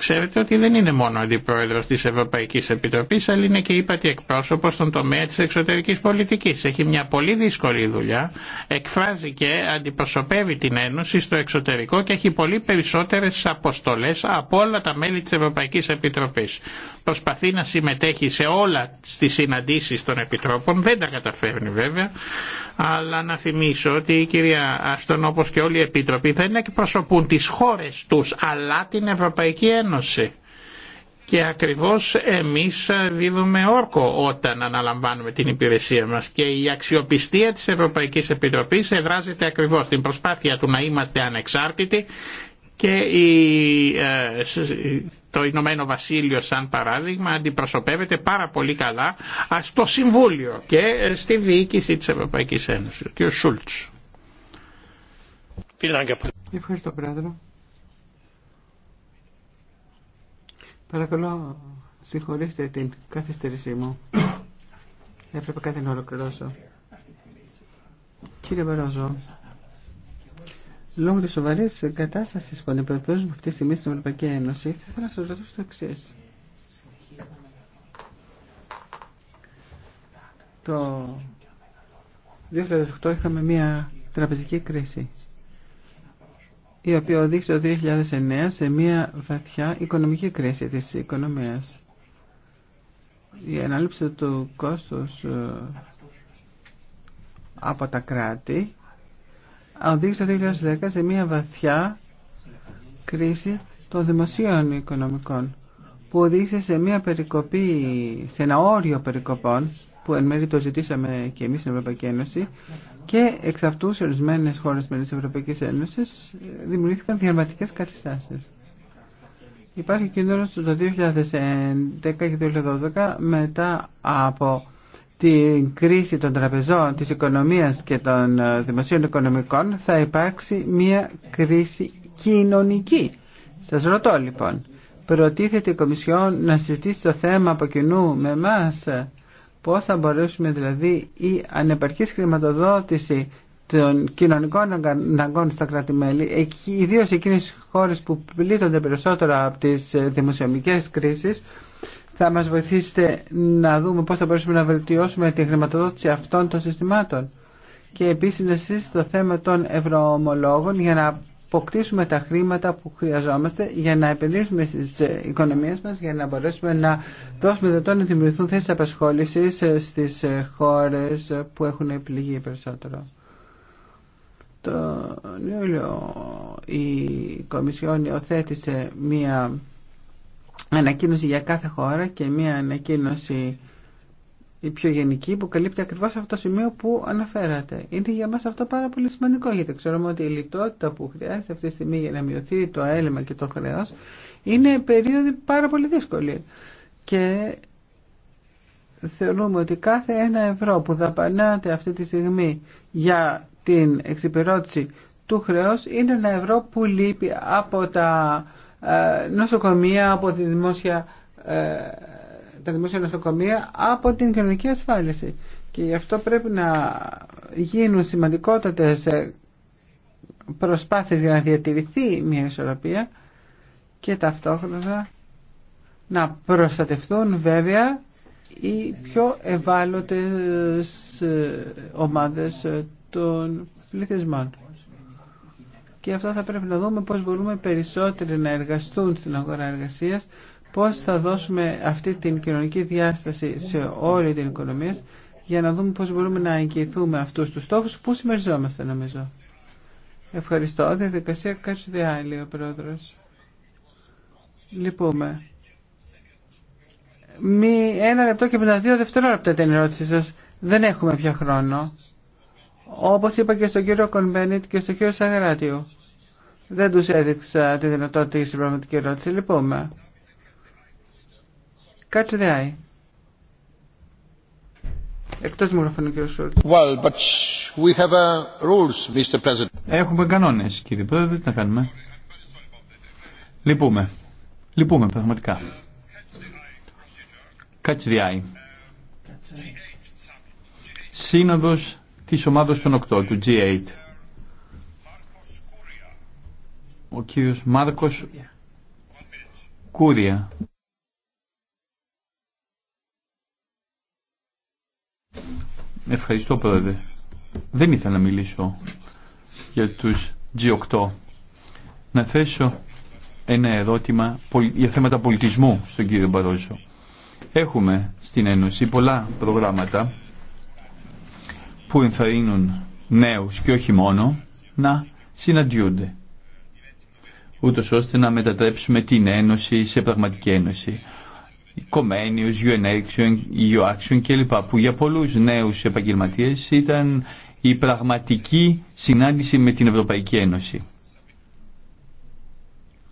Ξέρετε ότι δεν είναι μόνο αντιπρόεδρος της Ευρωπαϊκής Επιτροπής, αλλά είναι και ότι εκπρόσωπο στον τομέα της εξωτερικής πολιτικής. Έχει μια πολύ δύσκολη δουλειά, εκφράζει και αντιπροσωπεύει την Ένωση στο εξωτερικό και έχει πολύ περισσότερες αποστολές από όλα τα μέλη της Ευρωπαϊκής Επιτροπής. Προσπαθεί να συμμετέχει σε όλα τις συναντήσεις των Επιτρόπων, δεν τα καταφέρνει βέβαια, αλλά να θυμίσω ότι η κυρία Αστων όπως και όλοι οι Επίτροποι δεν εκπροσωπούν τις χώρες τους, αλλά την Ευρωπαϊκή Ένωση. Και ακριβώς εμείς δίδουμε όρκο όταν αναλαμβάνουμε την υπηρεσία μας και η αξιοπιστία της Ευρωπαϊκής Επιτροπής εδράζεται ακριβώς στην προσπάθεια του να είμαστε ανεξάρτητοι και ε, το Ηνωμένο Βασίλειο σαν παράδειγμα αντιπροσωπεύεται πάρα πολύ καλά στο Συμβούλιο και ε, στη διοίκηση της Ευρωπαϊκής Ένωσης. Σούλτς. Ευχαριστώ πρόεδρε. Παρακαλώ, συγχωρήστε την καθυστέρησή μου. Έπρεπε κάτι να ολοκληρώσω. Κύριε Μπαρόζο, λόγω τη σοβαρή κατάσταση που αντιμετωπίζουμε αυτή τη στιγμή στην Ευρωπαϊκή Ένωση, θα ήθελα να σα ρωτήσω το εξή. Το 2008 είχαμε μία τραπεζική κρίση η οποία οδήγησε το 2009 σε μια βαθιά οικονομική κρίση της οικονομίας. Η ανάληψη του κόστους ε, από τα κράτη οδήγησε το 2010 σε μια βαθιά κρίση των δημοσίων οικονομικών που οδήγησε σε μια περικοπή, σε ένα όριο περικοπών που εν μέρει το ζητήσαμε και εμείς στην Ευρωπαϊκή Ένωση και εξ αυτού σε ορισμένε χώρε μέλη τη Ευρωπαϊκή Ένωση ε, δημιουργήθηκαν διαρματικέ καθιστάσει. Υπάρχει κίνδυνο το 2011 και 2012 μετά από την κρίση των τραπεζών, της οικονομίας και των ε, δημοσίων οικονομικών θα υπάρξει μια κρίση κοινωνική. Σας ρωτώ λοιπόν, προτίθεται η Κομισιόν να συζητήσει το θέμα από κοινού με εμάς ε, Πώς θα μπορέσουμε δηλαδή η ανεπαρκής χρηματοδότηση των κοινωνικών αναγκών στα κράτη-μέλη, ιδίω εκείνες χώρε που πλήττονται περισσότερο από τι ε, δημοσιομικές κρίσει, θα μας βοηθήσετε να δούμε πώς θα μπορέσουμε να βελτιώσουμε τη χρηματοδότηση αυτών των συστημάτων. Και επίσης να το θέμα των ευρωομολόγων για να αποκτήσουμε τα χρήματα που χρειαζόμαστε για να επενδύσουμε στις ε, οικονομίες μας, για να μπορέσουμε να δώσουμε δυνατόν να δημιουργηθούν θέσεις απασχόλησης ε, στις ε, χώρες που έχουν επιλογή περισσότερο. Τον Ιούλιο η Κομισιόν υιοθέτησε μία ανακοίνωση για κάθε χώρα και μία ανακοίνωση η πιο γενική που καλύπτει ακριβώς αυτό το σημείο που αναφέρατε. Είναι για μα αυτό πάρα πολύ σημαντικό γιατί ξέρουμε ότι η λιτότητα που χρειάζεται αυτή τη στιγμή για να μειωθεί το έλλειμμα και το χρέος είναι περίοδοι πάρα πολύ δύσκολη. Και θεωρούμε ότι κάθε ένα ευρώ που δαπανάτε αυτή τη στιγμή για την εξυπηρώτηση του χρέους είναι ένα ευρώ που λείπει από τα ε, νοσοκομεία, από τη δημόσια ε, τα δημόσια νοσοκομεία από την κοινωνική ασφάλιση. Και γι' αυτό πρέπει να γίνουν σημαντικότατες ε, προσπάθειες για να διατηρηθεί μια ισορροπία και ταυτόχρονα να προστατευτούν βέβαια οι πιο ευάλωτες ε, ομάδες ε, των πληθυσμών. Και αυτό θα πρέπει να δούμε πώς μπορούμε περισσότεροι να εργαστούν στην αγορά εργασίας πώς θα δώσουμε αυτή την κοινωνική διάσταση σε όλη την οικονομία για να δούμε πώς μπορούμε να εγγυηθούμε αυτούς τους στόχους που συμμεριζόμαστε νομίζω. Ευχαριστώ. Διαδικασία Κατσουδιάλη ο Πρόεδρος. Λυπούμε. Μη ένα λεπτό και μετά δύο δευτερόλεπτα την ερώτησή σας. Δεν έχουμε πια χρόνο. Όπως είπα και στον κύριο Κονμπένιτ και στον κύριο Σαγράτιο. Δεν τους έδειξα τη δυνατότητα για την πραγματική ερώτηση. Λυπούμε. Κάτσε δε Εκτός μου κύριο Σούρτ. Well, but uh, Έχουμε κανόνες κύριε Πρόεδρε, τι να κάνουμε. Λυπούμε. Λυπούμε πραγματικά. Κάτσε διάει. Σύνοδος της ομάδος των 8, του G8. Ο κύριος Μάρκος Κούρια. Ευχαριστώ πρόεδρε. Δεν ήθελα να μιλήσω για τους G8. Να θέσω ένα ερώτημα για θέματα πολιτισμού στον κύριο Μπαρόζο. Έχουμε στην Ένωση πολλά προγράμματα που ενθαρρύνουν νέους και όχι μόνο να συναντιούνται ούτως ώστε να μετατρέψουμε την Ένωση σε πραγματική Ένωση. Comenius, UNAction, και κλπ. που για πολλούς νέους επαγγελματίες ήταν η πραγματική συνάντηση με την Ευρωπαϊκή Ένωση.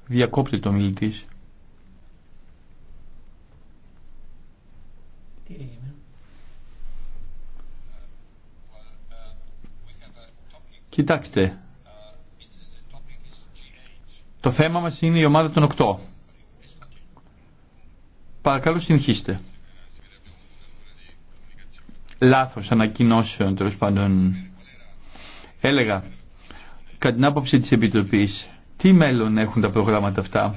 Διακόπτε το μιλητής. Κοιτάξτε, το θέμα μας είναι η ομάδα των 8. Παρακαλώ συνεχίστε. Λάθος ανακοινώσεων τέλο πάντων. Έλεγα, κατά την άποψη της Επιτροπής, τι μέλλον έχουν τα προγράμματα αυτά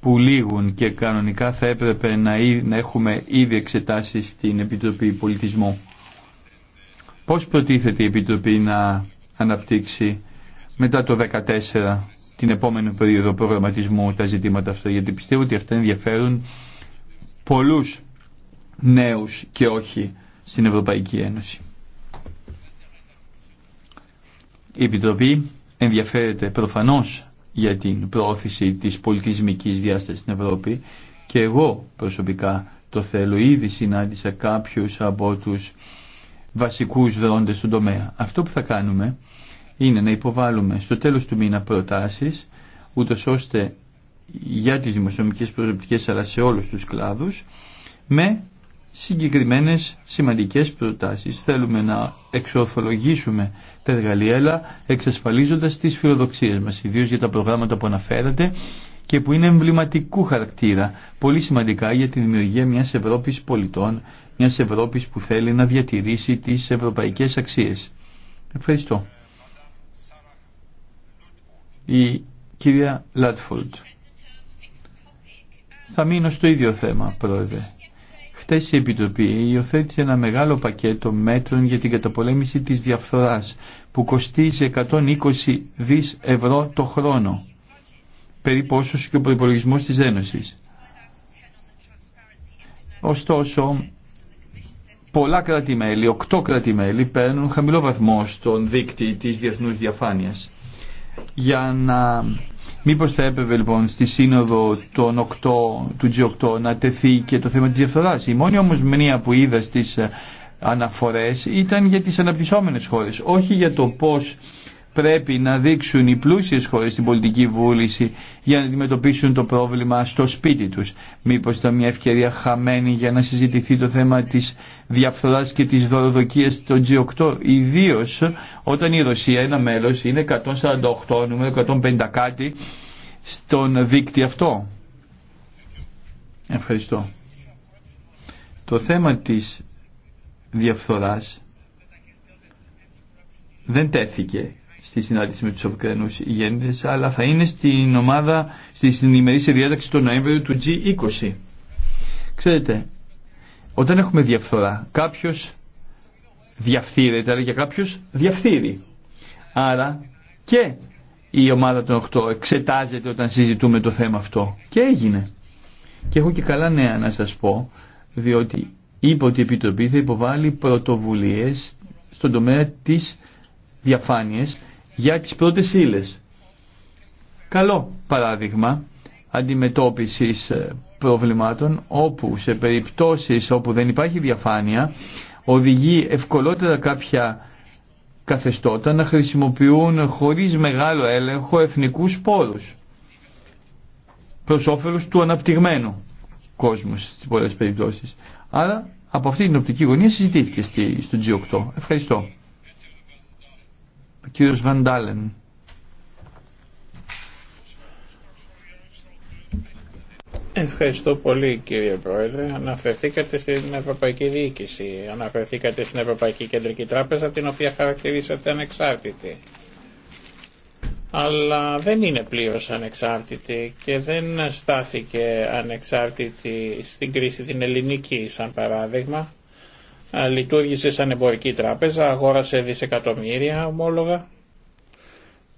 που λήγουν και κανονικά θα έπρεπε να, έχουμε ήδη εξετάσει στην Επιτροπή Πολιτισμού. Πώς προτίθεται η Επιτροπή να αναπτύξει μετά το 2014 την επόμενη περίοδο προγραμματισμού τα ζητήματα αυτά, γιατί πιστεύω ότι αυτά ενδιαφέρουν πολλούς νέους και όχι στην Ευρωπαϊκή Ένωση. Η Επιτροπή ενδιαφέρεται προφανώς για την πρόθεση της πολιτισμικής διάστασης στην Ευρώπη και εγώ προσωπικά το θέλω. Ήδη συνάντησα κάποιους από τους βασικούς δρόντες στον τομέα. Αυτό που θα κάνουμε είναι να υποβάλουμε στο τέλος του μήνα προτάσεις ούτως ώστε για τις δημοσιονομικές προσωπικές αλλά σε όλους τους κλάδους με συγκεκριμένες σημαντικές προτάσεις. Θέλουμε να εξορθολογήσουμε τα εργαλεία αλλά εξασφαλίζοντας τις φιλοδοξίες μας, ιδίως για τα προγράμματα που αναφέρατε και που είναι εμβληματικού χαρακτήρα, πολύ σημαντικά για τη δημιουργία μιας Ευρώπης πολιτών, μιας Ευρώπης που θέλει να διατηρήσει τις ευρωπαϊκές αξίες. Ευχαριστώ. Η κυρία Λάτφολτ. Θα μείνω στο ίδιο θέμα, Πρόεδρε. Χτες η Επιτροπή υιοθέτησε ένα μεγάλο πακέτο μέτρων για την καταπολέμηση της διαφθοράς που κοστίζει 120 δις ευρώ το χρόνο, περίπου όσο και ο προπολογισμό της Ένωσης. Ωστόσο, πολλά κράτη-μέλη, οκτώ κράτη-μέλη παίρνουν χαμηλό βαθμό στον δείκτη της διεθνούς διαφάνειας. Για να Μήπως θα έπρεπε λοιπόν στη σύνοδο των 8, του G8 να τεθεί και το θέμα της διαφθοράς. Η μόνη όμως μνήμα που είδα στις ε, αναφορές ήταν για τις αναπτυσσόμενες χώρες, όχι για το πώς πρέπει να δείξουν οι πλούσιες χώρες την πολιτική βούληση για να αντιμετωπίσουν το πρόβλημα στο σπίτι τους. Μήπως ήταν μια ευκαιρία χαμένη για να συζητηθεί το θέμα της διαφθοράς και της δωροδοκίας των G8, ιδίω όταν η Ρωσία, ένα μέλος, είναι 148, νούμερο 150 κάτι, στον δίκτυο αυτό. Ευχαριστώ. Το θέμα της διαφθοράς δεν τέθηκε στη συνάντηση με τους Αφρικανούς ηγέντες, αλλά θα είναι στην ομάδα, στην ημερήσια διάταξη του Νοέμβριο του G20. Ξέρετε, όταν έχουμε διαφθορά, κάποιος διαφθείρεται, αλλά για κάποιος διαφθείρει. Άρα και η ομάδα των 8 εξετάζεται όταν συζητούμε το θέμα αυτό. Και έγινε. Και έχω και καλά νέα να σας πω, διότι είπε ότι η Επιτροπή θα υποβάλει πρωτοβουλίες στον τομέα της διαφάνειας για τις πρώτες ύλε. Καλό παράδειγμα αντιμετώπισης ε, προβλημάτων όπου σε περιπτώσεις όπου δεν υπάρχει διαφάνεια οδηγεί ευκολότερα κάποια καθεστώτα να χρησιμοποιούν χωρίς μεγάλο έλεγχο εθνικούς πόρους προς του αναπτυγμένου κόσμου στις πολλές περιπτώσεις. Άρα από αυτή την οπτική γωνία συζητήθηκε στο G8. Ευχαριστώ. Ο κύριος Βαντάλεν. Ευχαριστώ πολύ κύριε Πρόεδρε. Αναφερθήκατε στην Ευρωπαϊκή Διοίκηση, αναφερθήκατε στην Ευρωπαϊκή Κεντρική Τράπεζα την οποία χαρακτηρίσατε ανεξάρτητη. Αλλά δεν είναι πλήρως ανεξάρτητη και δεν στάθηκε ανεξάρτητη στην κρίση την ελληνική σαν παράδειγμα λειτουργήσε σαν εμπορική τράπεζα, αγόρασε δισεκατομμύρια ομόλογα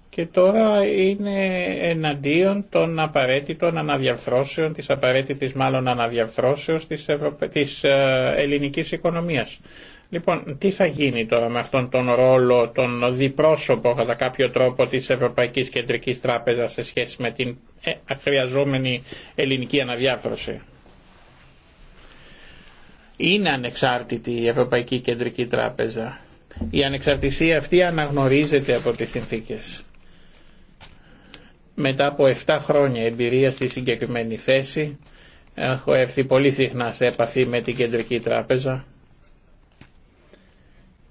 και τώρα είναι εναντίον των απαραίτητων αναδιαρθρώσεων, της απαραίτητης μάλλον αναδιαρθρώσεως της, Ευρωπα... της ε, ελληνικής οικονομίας. Λοιπόν, τι θα γίνει τώρα με αυτόν τον ρόλο, τον διπρόσωπο κατά κάποιο τρόπο της Ευρωπαϊκής Κεντρικής Τράπεζας σε σχέση με την ε, χρειαζόμενη ελληνική αναδιάρθρωση είναι ανεξάρτητη η Ευρωπαϊκή Κεντρική Τράπεζα. Η ανεξαρτησία αυτή αναγνωρίζεται από τις συνθήκες. Μετά από 7 χρόνια εμπειρία στη συγκεκριμένη θέση, έχω έρθει πολύ συχνά σε επαφή με την Κεντρική Τράπεζα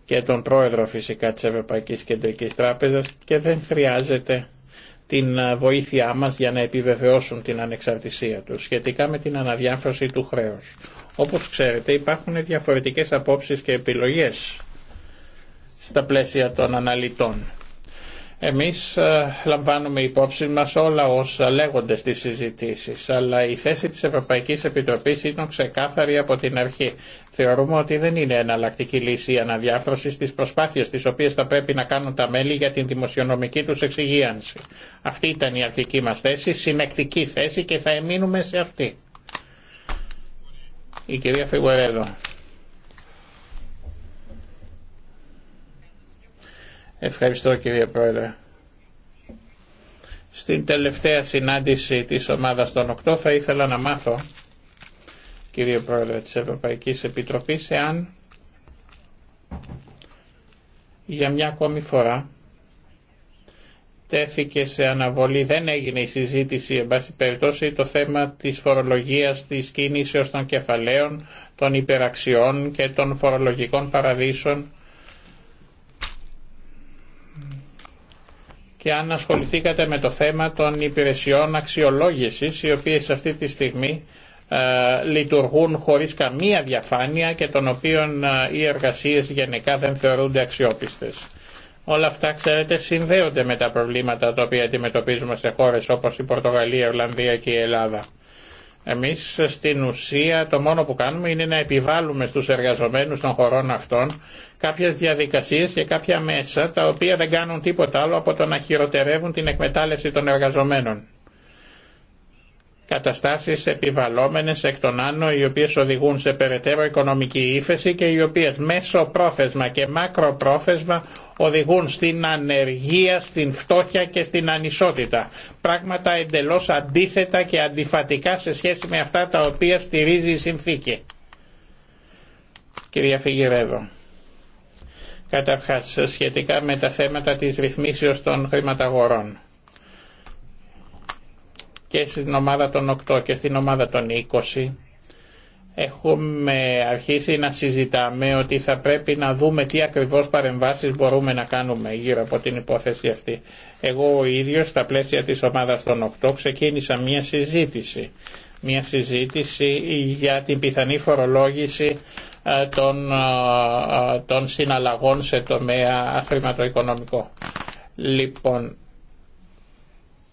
και τον πρόεδρο φυσικά της Ευρωπαϊκής Κεντρικής Τράπεζας και δεν χρειάζεται την ε, βοήθειά μας για να επιβεβαιώσουν την ανεξαρτησία τους σχετικά με την αναδιάφρωση του χρέους. Όπως ξέρετε υπάρχουν διαφορετικές απόψεις και επιλογές στα πλαίσια των αναλυτών. Εμείς ε, λαμβάνουμε υπόψη μας όλα όσα λέγονται στις συζητήσεις, αλλά η θέση της Ευρωπαϊκής Επιτροπής ήταν ξεκάθαρη από την αρχή. Θεωρούμε ότι δεν είναι εναλλακτική λύση η αναδιάρθρωση στις προσπάθειες τις οποίες θα πρέπει να κάνουν τα μέλη για την δημοσιονομική τους εξυγίανση. Αυτή ήταν η αρχική μας θέση, συνεκτική θέση και θα εμείνουμε σε αυτή. Η κυρία Φιγουερέδο. Ευχαριστώ κύριε Πρόεδρε. Στην τελευταία συνάντηση της ομάδας των 8 θα ήθελα να μάθω κύριε Πρόεδρε της Ευρωπαϊκής Επιτροπής εάν για μια ακόμη φορά τέθηκε σε αναβολή, δεν έγινε η συζήτηση εν περιπτώσει το θέμα της φορολογίας της κίνησης των κεφαλαίων, των υπεραξιών και των φορολογικών παραδείσων και αν ασχοληθήκατε με το θέμα των υπηρεσιών αξιολόγησης οι οποίες αυτή τη στιγμή ε, λειτουργούν χωρίς καμία διαφάνεια και των οποίων ε, οι εργασίες γενικά δεν θεωρούνται αξιόπιστες. Όλα αυτά, ξέρετε, συνδέονται με τα προβλήματα τα οποία αντιμετωπίζουμε σε χώρες όπως η Πορτογαλία, η Ολλανδία και η Ελλάδα. Εμείς στην ουσία το μόνο που κάνουμε είναι να επιβάλλουμε στους εργαζομένους των χωρών αυτών κάποιες διαδικασίες και κάποια μέσα τα οποία δεν κάνουν τίποτα άλλο από το να χειροτερεύουν την εκμετάλλευση των εργαζομένων. Καταστάσεις επιβαλόμενες εκ των άνω οι οποίες οδηγούν σε περαιτέρω οικονομική ύφεση και οι οποίες μέσω πρόθεσμα και μακροπρόθεσμα οδηγούν στην ανεργία, στην φτώχεια και στην ανισότητα. Πράγματα εντελώς αντίθετα και αντιφατικά σε σχέση με αυτά τα οποία στηρίζει η συνθήκη. Κυρία Φιγηρέδο. Καταρχάς, σχετικά με τα θέματα της ρυθμίσεως των χρηματαγορών και στην ομάδα των 8 και στην ομάδα των 20 έχουμε αρχίσει να συζητάμε ότι θα πρέπει να δούμε τι ακριβώς παρεμβάσεις μπορούμε να κάνουμε γύρω από την υπόθεση αυτή. Εγώ ο ίδιος στα πλαίσια της ομάδας των 8 ξεκίνησα μια συζήτηση. Μια συζήτηση για την πιθανή φορολόγηση ε, ε, ε, των, συναλλαγών σε τομέα χρηματοοικονομικό. Λοιπόν,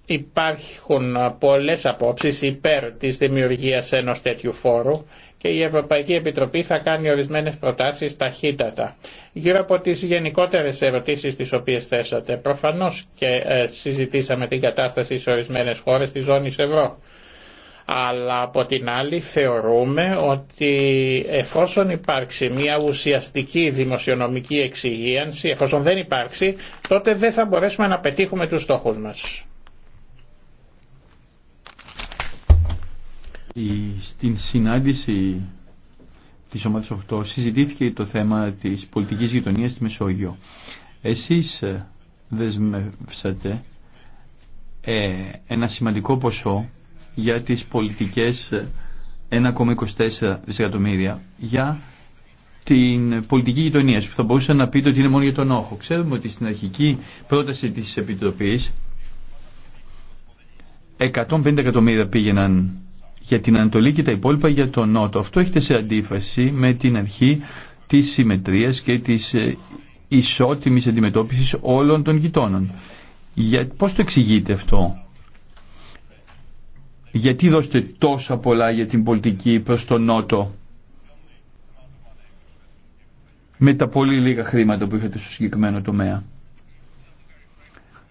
υπάρχουν πολλές απόψεις υπέρ της δημιουργίας ενός τέτοιου φόρου και η Ευρωπαϊκή Επιτροπή θα κάνει ορισμένες προτάσεις ταχύτατα. Γύρω από τις γενικότερες ερωτήσεις τις οποίες θέσατε, προφανώς και συζητήσαμε την κατάσταση σε ορισμένες χώρες της ζώνης ευρώ αλλά από την άλλη θεωρούμε ότι εφόσον υπάρξει μια ουσιαστική δημοσιονομική εξυγίανση, εφόσον δεν υπάρξει, τότε δεν θα μπορέσουμε να πετύχουμε τους στόχους μας. Στην συνάντηση της ομάδας 8 συζητήθηκε το θέμα της πολιτικής γειτονίας στη Μεσόγειο. Εσείς ε, δεσμεύσατε ε, ένα σημαντικό ποσό για τις πολιτικές 1,24 ε, δισεκατομμύρια για την πολιτική γειτονία που θα μπορούσα να πείτε ότι είναι μόνο για τον όχο. Ξέρουμε ότι στην αρχική πρόταση της Επιτροπής 150 εκατομμύρια πήγαιναν για την Ανατολή και τα υπόλοιπα για τον Νότο. Αυτό έχετε σε αντίφαση με την αρχή της συμμετρίας και της ε, ισότιμης αντιμετώπισης όλων των γειτόνων. Για, πώς το εξηγείτε αυτό γιατί δώστε τόσα πολλά για την πολιτική προς τον Νότο με τα πολύ λίγα χρήματα που είχατε στο συγκεκριμένο τομέα.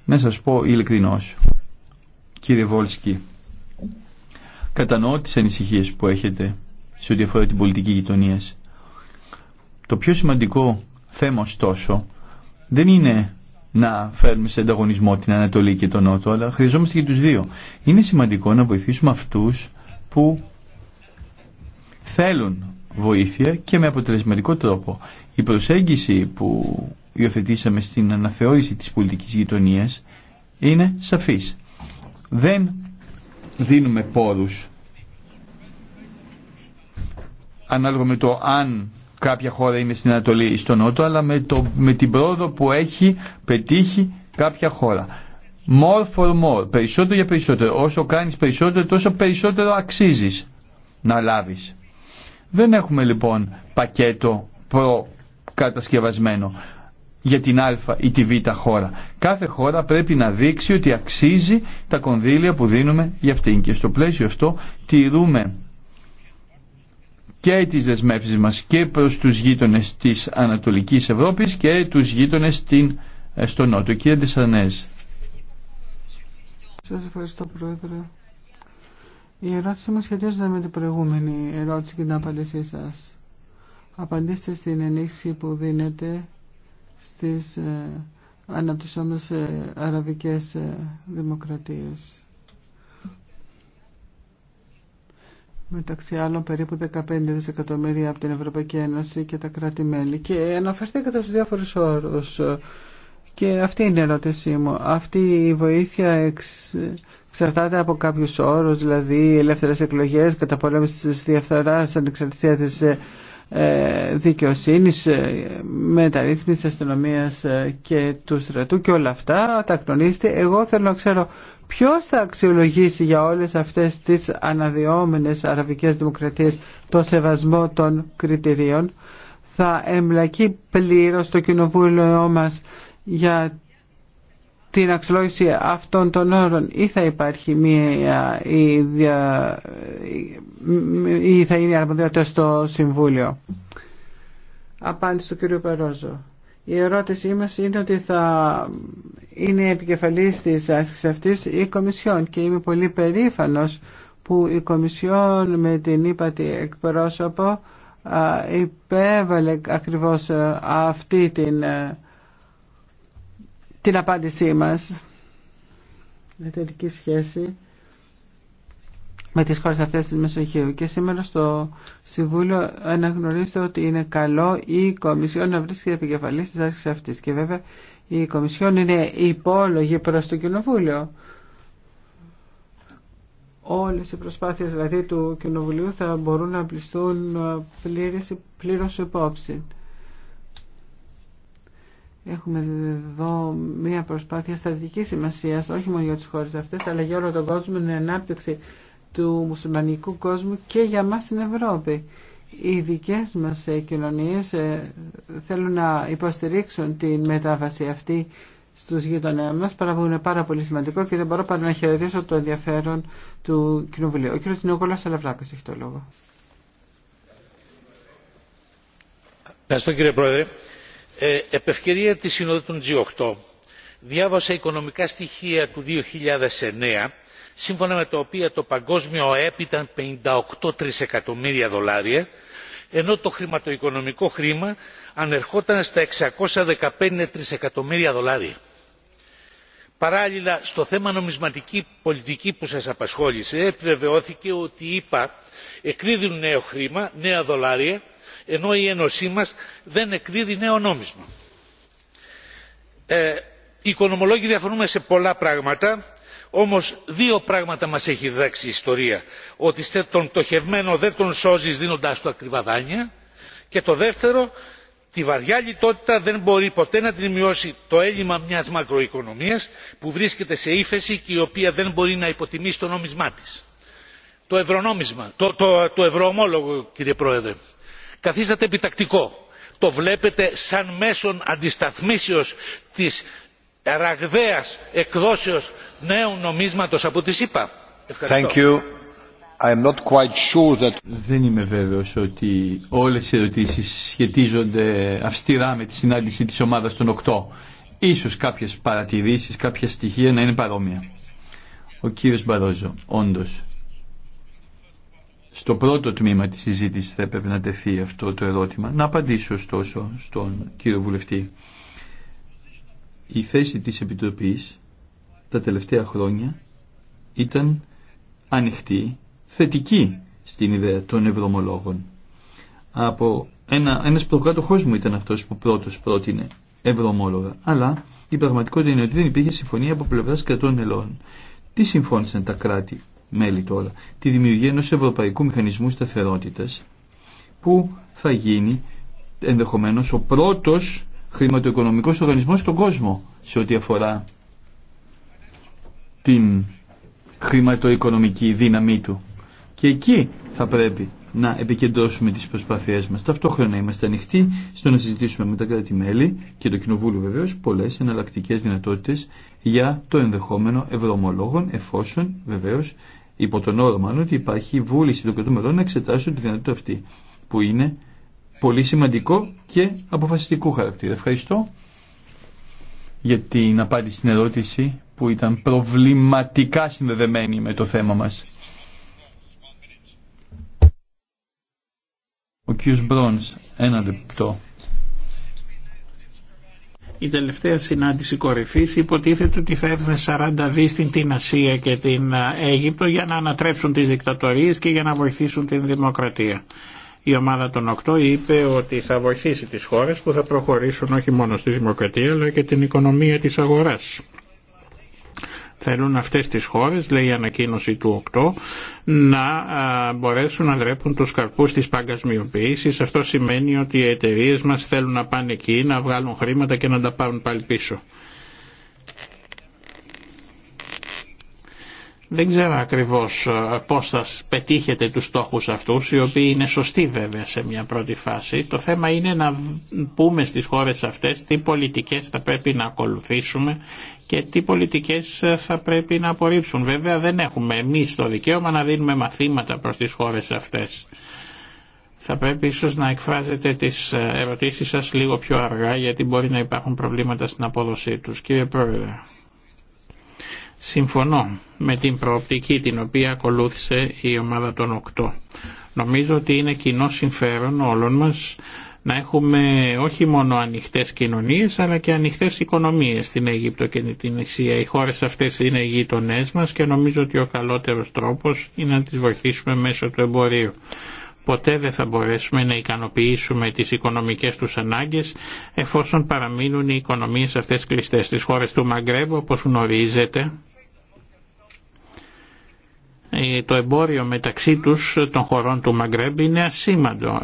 Να σας πω ειλικρινώς, κύριε Βόλσκι, κατανοώ τις ανησυχίες που έχετε σε ό,τι αφορά την πολιτική γειτονία. Το πιο σημαντικό θέμα ωστόσο δεν είναι να φέρνουμε σε ανταγωνισμό την Ανατολή και τον Νότο, αλλά χρειαζόμαστε και τους δύο. Είναι σημαντικό να βοηθήσουμε αυτούς που θέλουν βοήθεια και με αποτελεσματικό τρόπο. Η προσέγγιση που υιοθετήσαμε στην αναθεώρηση της πολιτικής γειτονίας είναι σαφής. Δεν δίνουμε πόρους ανάλογα με το αν κάποια χώρα είναι στην Ανατολή ή στον Νότο, αλλά με, το, με την πρόοδο που έχει πετύχει κάποια χώρα. More for more, περισσότερο για περισσότερο. Όσο κάνεις περισσότερο, τόσο περισσότερο αξίζεις να λάβεις. Δεν έχουμε λοιπόν πακέτο προκατασκευασμένο για την Α ή τη Β χώρα. Κάθε χώρα πρέπει να δείξει ότι αξίζει τα κονδύλια που δίνουμε για αυτήν. Και στο πλαίσιο αυτό τηρούμε και τις δεσμεύσεις μας και προς τους γείτονες της Ανατολικής Ευρώπης και τους γείτονες στην, ε, στο Νότο. Κύριε Ντεσσαρνέζ. Σας ευχαριστώ Πρόεδρε. Η ερώτησή μας σχετίζεται με την προηγούμενη ερώτηση και την απάντησή σας. Απαντήστε στην ενίσχυση που δίνεται στις ε, αναπτυσσόμενες ε, αραβικές δημοκρατίες. μεταξύ άλλων περίπου 15 δισεκατομμύρια από την Ευρωπαϊκή Ένωση και τα κράτη-μέλη και αναφερθήκατε στους διάφορους όρους και αυτή είναι η ερώτησή μου. Αυτή η βοήθεια εξ, εξαρτάται από κάποιους όρους, δηλαδή ελεύθερες εκλογές, καταπολέμηση της διαφθοράς, ανεξαρτησία της ε, δικαιοσύνης, ε, μεταρρύθμιση αστυνομίας ε, και του στρατού και όλα αυτά τα γνωρίζετε. Εγώ θέλω να ξέρω Ποιος θα αξιολογήσει για όλες αυτές τις αναδυόμενες αραβικές δημοκρατίες το σεβασμό των κριτηρίων. Θα εμπλακεί πλήρως το κοινοβούλιο μας για την αξιολόγηση αυτών των όρων ή θα υπάρχει μία ή θα είναι αρμοδιότητα στο Συμβούλιο. Απάντηση του κ. Περόζο. Η ερώτησή μας είναι ότι θα είναι επικεφαλής της άσκησης αυτής η Κομισιόν και είμαι πολύ περήφανος που η Κομισιόν με την ύπατη εκπρόσωπο υπέβαλε ακριβώς αυτή την, την απάντησή μας. Η τελική σχέση με τις χώρες αυτές της Μεσογείου. Και σήμερα στο Συμβούλιο αναγνωρίζεται ότι είναι καλό η Κομισιόν να βρίσκεται επικεφαλή της άσκησης αυτής. Και βέβαια η Κομισιόν είναι υπόλογη προς το Κοινοβούλιο. Όλες οι προσπάθειες δηλαδή του Κοινοβουλίου θα μπορούν να πληστούν πλήρες, πλήρως υπόψη. Έχουμε εδώ μια προσπάθεια στρατηγικής σημασίας, όχι μόνο για τι χώρες αυτές, αλλά για όλο τον κόσμο, είναι ανάπτυξη του μουσουλμανικού κόσμου και για μας στην Ευρώπη. Οι δικέ μας ε, κοινωνίε ε, θέλουν να υποστηρίξουν την μετάβαση αυτή στους γείτονές μας, παρά που είναι πάρα πολύ σημαντικό και δεν μπορώ παρά να χαιρετήσω το ενδιαφέρον του Κοινοβουλίου. Ο κ. Τινόκολας Αλαβράκος έχει το λόγο. Ευχαριστώ κύριε Πρόεδρε. Ε, επ' ευκαιρία της Συνόδου των G8 διάβασα οικονομικά στοιχεία του 2009 σύμφωνα με τα οποία το παγκόσμιο ΑΕΠ ήταν 58 τρισεκατομμύρια δολάρια, ενώ το χρηματοοικονομικό χρήμα ανερχόταν στα 615 τρισεκατομμύρια δολάρια. Παράλληλα, στο θέμα νομισματική πολιτική που σας απασχόλησε, επιβεβαιώθηκε ότι οι ΗΠΑ εκδίδουν νέο χρήμα, νέα δολάρια, ενώ η Ένωσή μας δεν εκδίδει νέο νόμισμα. Ε, οι οικονομολόγοι διαφωνούμε σε πολλά πράγματα όμως δύο πράγματα μας έχει διδάξει η ιστορία ότι τον πτωχευμένο δεν τον σώζεις δίνοντάς του ακριβά δάνεια και το δεύτερο τη βαριά λιτότητα δεν μπορεί ποτέ να την μειώσει το έλλειμμα μιας μακροοικονομίας που βρίσκεται σε ύφεση και η οποία δεν μπορεί να υποτιμήσει το νόμισμά της. Το, ευρωνόμισμα, το, ευρωομόλογο κύριε πρόεδρε καθίσταται επιτακτικό. το βλέπετε σαν μέσον αντισταθμίσεως της ραγδαίας εκδόσεως νέου νομίσματος από τη ΣΥΠΑ. Ευχαριστώ. Δεν είμαι βέβαιος ότι όλες οι ερωτήσεις σχετίζονται αυστηρά με τη συνάντηση της ομάδας των οκτώ. Ίσως κάποιες παρατηρήσεις, κάποια στοιχεία να είναι παρόμοια. Ο κύριος Μπαρόζο, όντως, στο πρώτο τμήμα της συζήτησης θα έπρεπε να τεθεί αυτό το ερώτημα. Να απαντήσω ωστόσο στον κύριο βουλευτή η θέση της Επιτροπής τα τελευταία χρόνια ήταν ανοιχτή, θετική στην ιδέα των ευρωμολόγων. Από ένα, ένας προκάτοχός μου ήταν αυτός που πρώτος πρότεινε ευρωμόλογα, αλλά η πραγματικότητα είναι ότι δεν υπήρχε συμφωνία από πλευράς κρατών ελών. Τι συμφώνησαν τα κράτη μέλη τώρα, τη δημιουργία ενός ευρωπαϊκού μηχανισμού σταθερότητας που θα γίνει ενδεχομένως ο πρώτος χρηματοοικονομικός οργανισμός στον κόσμο σε ό,τι αφορά την χρηματοοικονομική δύναμή του. Και εκεί θα πρέπει να επικεντρώσουμε τις προσπάθειές μας. Ταυτόχρονα είμαστε ανοιχτοί στο να συζητήσουμε με τα κράτη-μέλη και το Κοινοβούλιο βεβαίως πολλές εναλλακτικέ δυνατότητες για το ενδεχόμενο ευρωομολόγων εφόσον βεβαίως υπό τον όρο μάλλον ότι υπάρχει βούληση των κρατών μελών να εξετάσουν τη δυνατότητα αυτή που είναι πολύ σημαντικό και αποφασιστικού χαρακτήρα. Ευχαριστώ για την απάντηση στην ερώτηση που ήταν προβληματικά συνδεδεμένη με το θέμα μας. Ο κ. Μπρόνς, ένα λεπτό. Η τελευταία συνάντηση κορυφής υποτίθεται ότι θα έρθουν 40 δι στην την Ασία και την Αίγυπτο για να ανατρέψουν τις δικτατορίες και για να βοηθήσουν την δημοκρατία. Η ομάδα των 8 είπε ότι θα βοηθήσει τις χώρες που θα προχωρήσουν όχι μόνο στη δημοκρατία αλλά και την οικονομία της αγοράς. Θέλουν αυτές τις χώρες, λέει η ανακοίνωση του 8, να μπορέσουν να δρέπουν τους καρπούς της παγκασμιοποίησης. Αυτό σημαίνει ότι οι εταιρείε μας θέλουν να πάνε εκεί, να βγάλουν χρήματα και να τα πάρουν πάλι πίσω. Δεν ξέρω ακριβώς ε, πώς θα πετύχετε τους στόχους αυτούς, οι οποίοι είναι σωστοί βέβαια σε μια πρώτη φάση. Το θέμα είναι να πούμε στις χώρες αυτές τι πολιτικές θα πρέπει να ακολουθήσουμε και τι πολιτικές ε, θα πρέπει να απορρίψουν. Βέβαια δεν έχουμε εμείς το δικαίωμα να δίνουμε μαθήματα προς τις χώρες αυτές. Θα πρέπει ίσως να εκφράζετε τις ε, ερωτήσεις σας λίγο πιο αργά γιατί μπορεί να υπάρχουν προβλήματα στην απόδοσή τους. Κύριε Πρόεδρε. Συμφωνώ με την προοπτική την οποία ακολούθησε η ομάδα των 8. Νομίζω ότι είναι κοινό συμφέρον όλων μας να έχουμε όχι μόνο ανοιχτές κοινωνίες αλλά και ανοιχτές οικονομίες στην Αίγυπτο και την Ισία. Οι χώρες αυτές είναι οι γείτονές μας και νομίζω ότι ο καλότερος τρόπος είναι να τις βοηθήσουμε μέσω του εμπορίου. Ποτέ δεν θα μπορέσουμε να ικανοποιήσουμε τις οικονομικές τους ανάγκες εφόσον παραμείνουν οι οικονομίες αυτές κλειστές. Στις χώρες του Μαγκρέμπου όπως γνωρίζετε ε, το εμπόριο μεταξύ τους των χωρών του Μαγκρέμπ είναι ασήμαντο.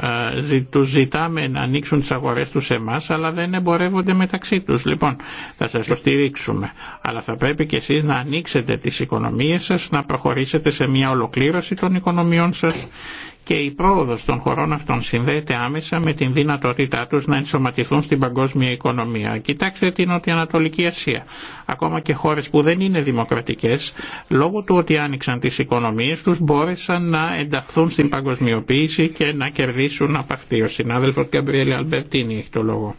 Ε, τους ζητάμε να ανοίξουν τις αγορές τους σε εμάς, αλλά δεν εμπορεύονται μεταξύ τους. Λοιπόν, θα σας το στηρίξουμε. Αλλά θα πρέπει και εσείς να ανοίξετε τις οικονομίες σας, να προχωρήσετε σε μια ολοκλήρωση των οικονομιών σας και η πρόοδος των χωρών αυτών συνδέεται άμεσα με την δυνατότητά τους να ενσωματηθούν στην παγκόσμια οικονομία. Κοιτάξτε την Νοτιοανατολική Ασία. Ακόμα και χώρες που δεν είναι δημοκρατικές, λόγω του ότι άνοιξαν τις οικονομίες τους, μπόρεσαν να ενταχθούν στην παγκοσμιοποίηση και να κερδίσουν από αυτή. Ο συνάδελφο Γκαμπριέλη Αλμπερτίνη έχει το λόγο.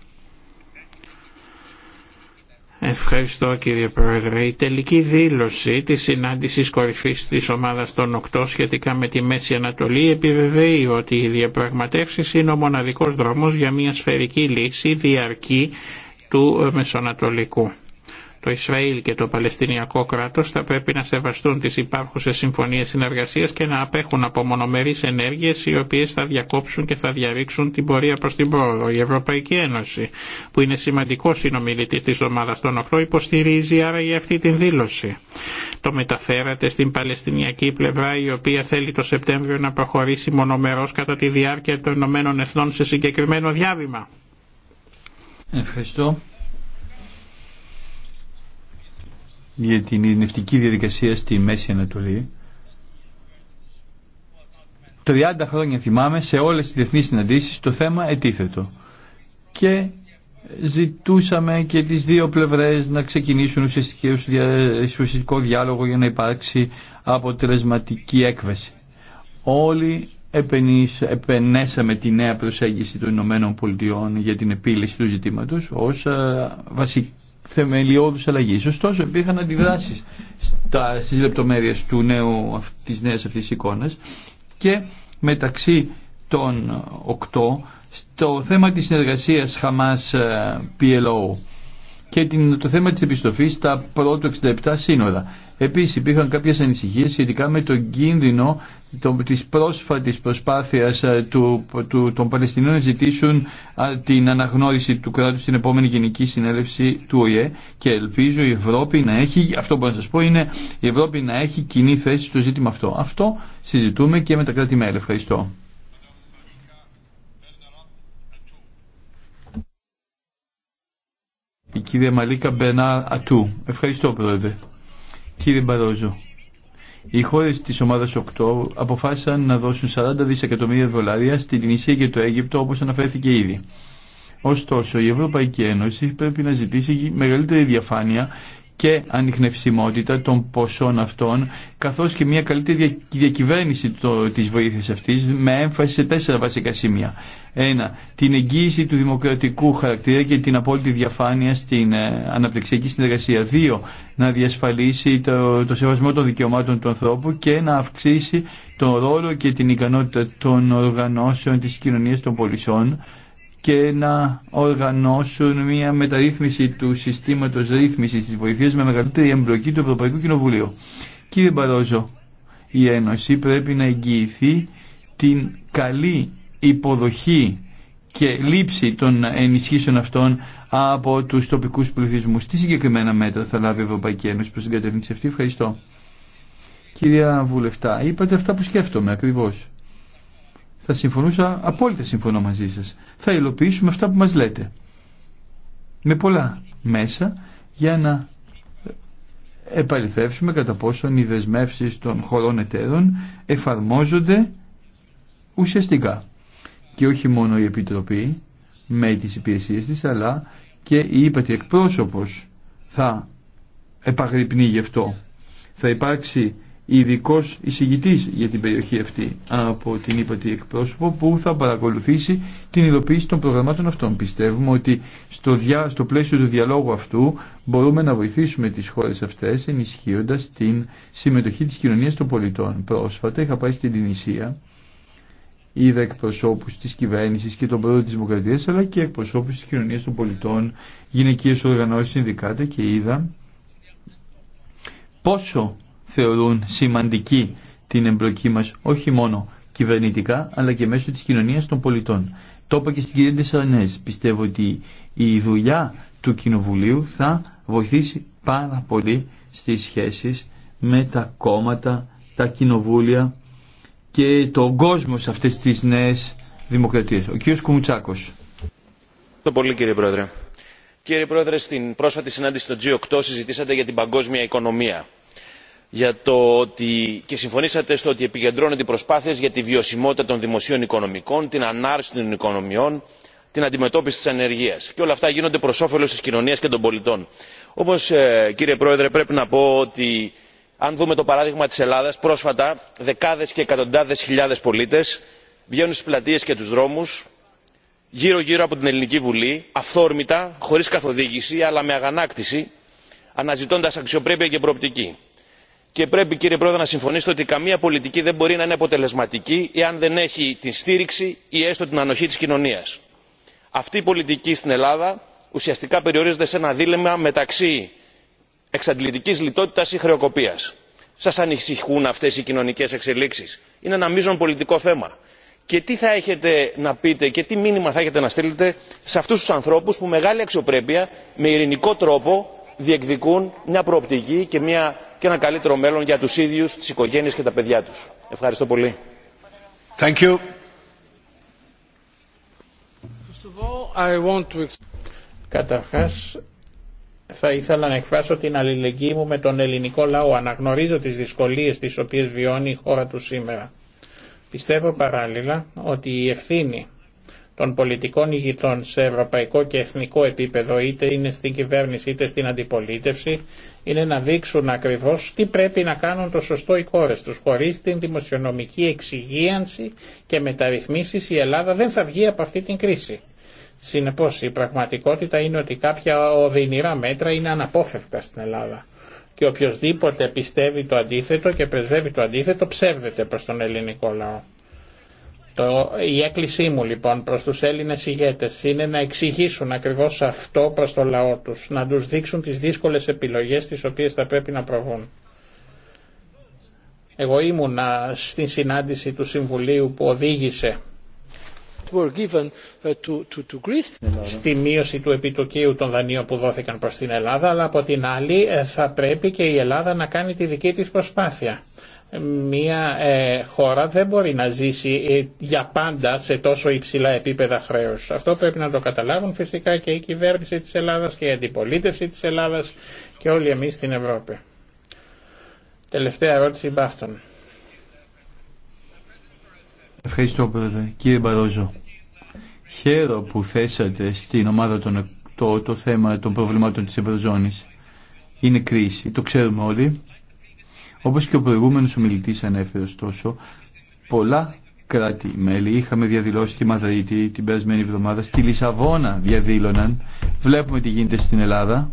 Ευχαριστώ κύριε Πρόεδρε. Η τελική δήλωση της συνάντησης κορυφής της ομάδας των οκτώ σχετικά με τη Μέση Ανατολή επιβεβαίει ότι οι διαπραγματεύσεις είναι ο μοναδικός δρόμος για μια σφαιρική λύση διαρκή του Μεσονατολικού το Ισραήλ και το Παλαιστινιακό Κράτο θα πρέπει να σεβαστούν τι υπάρχουσε συμφωνίε συνεργασία και να απέχουν από μονομερει ενέργειε, οι οποίε θα διακόψουν και θα διαρρήξουν την πορεία προ την πρόοδο. Η Ευρωπαϊκή Ένωση που είναι σημαντικό συνομιλητή τη ομάδα των 8 υποστηρίζει άραγε αυτή την δήλωση. Το μεταφέρατε στην Παλαιστινιακή πλευρά η οποία θέλει το Σεπτέμβριο να προχωρήσει μονομερό κατά τη διάρκεια των Ηνωμένων Εθνών σε συγκεκριμένο διάβημα. Ευχαριστώ. για την ειρηνευτική διαδικασία στη Μέση Ανατολή. 30 χρόνια θυμάμαι σε όλες τις διεθνείς συναντήσεις το θέμα ετίθετο. Και ζητούσαμε και τις δύο πλευρές να ξεκινήσουν ουσιαστικό διάλογο για να υπάρξει αποτελεσματική έκβαση. Όλοι επενέσαμε τη νέα προσέγγιση των Ηνωμένων Πολιτειών για την επίλυση του ζητήματος ως ε, βασική θεμελιώδου αλλαγή, Ωστόσο υπήρχαν αντιδράσει στι λεπτομέρειε λεπτομέρειες του νέου, της νέας και μεταξύ των οκτώ στο θέμα της συνεργασίας Χαμάς-PLO και το θέμα της επιστοφής στα πρώτα 67 σύνορα. Επίσης υπήρχαν κάποιες ανησυχίες σχετικά με τον κίνδυνο της πρόσφατης προσπάθειας ε, του, του, των Παλαιστινίων να ζητήσουν ε, την αναγνώριση του κράτους στην επόμενη Γενική Συνέλευση του ΟΗΕ και ελπίζω η Ευρώπη να έχει, αυτό που να σας πω είναι, η Ευρώπη να έχει κοινή θέση στο ζήτημα αυτό. Αυτό συζητούμε και με τα κράτη-μέλη. Ευχαριστώ. Η κυρία Μαλίκα Μπενά Ατού. Ευχαριστώ πρόεδρε. Κύριε Μπαρόζο. Οι χώρε τη ομάδα 8 αποφάσισαν να δώσουν 40 δισεκατομμύρια δολάρια στην Ισία και το Αίγυπτο όπω αναφέρθηκε ήδη. Ωστόσο, η Ευρωπαϊκή Ένωση πρέπει να ζητήσει μεγαλύτερη διαφάνεια και ανιχνευσιμότητα των ποσών αυτών, καθώς και μια καλύτερη διακυβέρνηση της βοήθειας αυτής, με έμφαση σε τέσσερα βασικά σημεία. Ένα, την εγγύηση του δημοκρατικού χαρακτήρα και την απόλυτη διαφάνεια στην ε, αναπτυξιακή συνεργασία. Δύο, να διασφαλίσει το, σεβασμό των δικαιωμάτων του ανθρώπου και να αυξήσει τον ρόλο και την ικανότητα των οργανώσεων της κοινωνίας των πολισών και να οργανώσουν μια μεταρρύθμιση του συστήματος ρύθμισης της βοηθείας με μεγαλύτερη εμπλοκή του Ευρωπαϊκού Κοινοβουλίου. Κύριε Μπαρόζο, η Ένωση πρέπει να εγγυηθεί την καλή υποδοχή και λήψη των ενισχύσεων αυτών από τους τοπικούς πληθυσμούς. Τι συγκεκριμένα μέτρα θα λάβει η Ευρωπαϊκή Ένωση προς την κατεύθυνση αυτή. Ευχαριστώ. Κυρία Βουλευτά, είπατε αυτά που σκέφτομαι ακριβώς. Θα συμφωνούσα, απόλυτα συμφωνώ μαζί σας. Θα υλοποιήσουμε αυτά που μας λέτε. Με πολλά μέσα για να επαληθεύσουμε κατά πόσον οι δεσμεύσει των χωρών εταίρων εφαρμόζονται ουσιαστικά. Και όχι μόνο η Επιτροπή με τις υπηρεσίες της, αλλά και η ύπατη εκπρόσωπος θα επαγρυπνεί γι' αυτό. Θα υπάρξει ειδικό εισηγητή για την περιοχή αυτή από την ύπατη εκπρόσωπο που θα παρακολουθήσει την υλοποίηση των προγραμμάτων αυτών. Πιστεύουμε ότι στο, διά, πλαίσιο του διαλόγου αυτού μπορούμε να βοηθήσουμε τι χώρε αυτέ ενισχύοντα την συμμετοχή τη κοινωνία των πολιτών. Πρόσφατα είχα πάει στην Τινησία είδα εκπροσώπου τη κυβέρνηση και των πρωτών τη Δημοκρατία, αλλά και εκπροσώπου τη κοινωνία των πολιτών, γυναικείε οργανώσει, συνδικάτα και είδα πόσο θεωρούν σημαντική την εμπλοκή μας όχι μόνο κυβερνητικά αλλά και μέσω της κοινωνίας των πολιτών. Το είπα και στην κυρία Τεσσαρνές. Πιστεύω ότι η δουλειά του Κοινοβουλίου θα βοηθήσει πάρα πολύ στις σχέσεις με τα κόμματα, τα κοινοβούλια και τον κόσμο σε αυτές τις νέες δημοκρατίες. Ο κύριος Κουμουτσάκος. Ευχαριστώ πολύ κύριε Πρόεδρε. Κύριε Πρόεδρε, στην πρόσφατη συνάντηση στο G8 συζητήσατε για την παγκόσμια οικονομία και συμφωνήσατε στο ότι επικεντρώνονται οι προσπάθειες για τη βιωσιμότητα των δημοσίων οικονομικών, την ανάρτηση των οικονομιών, την αντιμετώπιση της ανεργίας. Και όλα αυτά γίνονται προς όφελος της κοινωνίας και των πολιτών. Όμως, ε, κύριε Πρόεδρε, πρέπει να πω ότι αν δούμε το παράδειγμα της Ελλάδας, πρόσφατα δεκάδες και εκατοντάδες χιλιάδες πολίτες βγαίνουν στις πλατείες και τους δρόμους γύρω γύρω από την ελληνική βουλή αυθόρμητα χωρίς καθοδήγηση αλλά με αγανάκτηση αναζητώντας αξιοπρέπεια και προοπτική και πρέπει κύριε πρόεδρε να συμφωνήσετε ότι καμία πολιτική δεν μπορεί να είναι αποτελεσματική εάν δεν έχει τη στήριξη ή έστω την ανοχή της κοινωνίας. αυτή η πολιτική στην ελλάδα ουσιαστικά περιορίζεται σε ένα δίλημα μεταξύ εξαντλητικής λιτότητας ή χρεοκοπίας. σας ανησυχούν αυτές οι κοινωνικές εξελίξεις; είναι ένα μείζον πολιτικό θέμα. και τι θα έχετε να πείτε και τι μήνυμα θα έχετε να στείλετε σε αυτούς τους ανθρώπους που με μεγάλη αξιοπρέπεια με ειρηνικό τρόπο διεκδικούν μια προοπτική και, ένα καλύτερο μέλλον για τους ίδιους, τις οικογένειες και τα παιδιά τους. Ευχαριστώ πολύ. Thank Καταρχάς θα ήθελα να εκφράσω την αλληλεγγύη μου με τον ελληνικό λαό. Αναγνωρίζω τις δυσκολίες τις οποίες βιώνει η χώρα του σήμερα. Πιστεύω παράλληλα ότι η ευθύνη των πολιτικών ηγητών σε ευρωπαϊκό και εθνικό επίπεδο, είτε είναι στην κυβέρνηση είτε στην αντιπολίτευση, είναι να δείξουν ακριβώς τι πρέπει να κάνουν το σωστό οι κόρε τους. Χωρίς την δημοσιονομική εξυγίανση και μεταρρυθμίσεις η Ελλάδα δεν θα βγει από αυτή την κρίση. Συνεπώς η πραγματικότητα είναι ότι κάποια οδυνηρά μέτρα είναι αναπόφευκτα στην Ελλάδα. Και οποιοδήποτε πιστεύει το αντίθετο και πρεσβεύει το αντίθετο ψεύδεται προς τον ελληνικό λαό. Το, η έκκλησή μου λοιπόν προς τους Έλληνες ηγέτες είναι να εξηγήσουν ακριβώς αυτό προς το λαό τους, να τους δείξουν τις δύσκολες επιλογές τις οποίες θα πρέπει να προβούν. Εγώ ήμουνα στην συνάντηση του Συμβουλίου που οδήγησε uh, στη μείωση του επιτοκίου των δανείων που δόθηκαν προς την Ελλάδα, αλλά από την άλλη ε, θα πρέπει και η Ελλάδα να κάνει τη δική της προσπάθεια μια ε, χώρα δεν μπορεί να ζήσει ε, για πάντα σε τόσο υψηλά επίπεδα χρέους. Αυτό πρέπει να το καταλάβουν φυσικά και η κυβέρνηση της Ελλάδας και η αντιπολίτευση της Ελλάδας και όλοι εμείς στην Ευρώπη. Τελευταία ερώτηση Μπάφτον. Ευχαριστώ πρόεδρε. Κύριε Μπαρόζο, χαίρο που θέσατε στην ομάδα των, το, το θέμα των προβλημάτων της Ευρωζώνης. Είναι κρίση, το ξέρουμε όλοι όπως και ο προηγούμενος ομιλητής ανέφερε ωστόσο, πολλά κράτη-μέλη είχαμε διαδηλώσει στη Μαδρίτη την περασμένη εβδομάδα, στη Λισαβόνα διαδήλωναν. Βλέπουμε τι γίνεται στην Ελλάδα.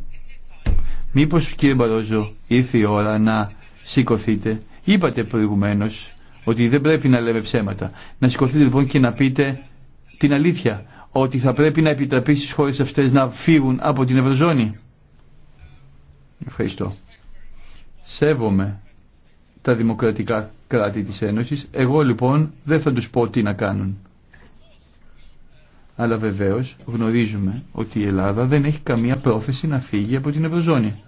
Μήπως κύριε Μπαρόζο ήρθε η ώρα να σηκωθείτε. Είπατε προηγουμένω ότι δεν πρέπει να λέμε ψέματα. Να σηκωθείτε λοιπόν και να πείτε την αλήθεια ότι θα πρέπει να επιτραπεί στις χώρες αυτές να φύγουν από την Ευρωζώνη. Ευχαριστώ. Σέβομαι τα δημοκρατικά κράτη της Ένωσης. Εγώ λοιπόν δεν θα τους πω τι να κάνουν. Αλλά βεβαίως γνωρίζουμε ότι η Ελλάδα δεν έχει καμία πρόθεση να φύγει από την Ευρωζώνη.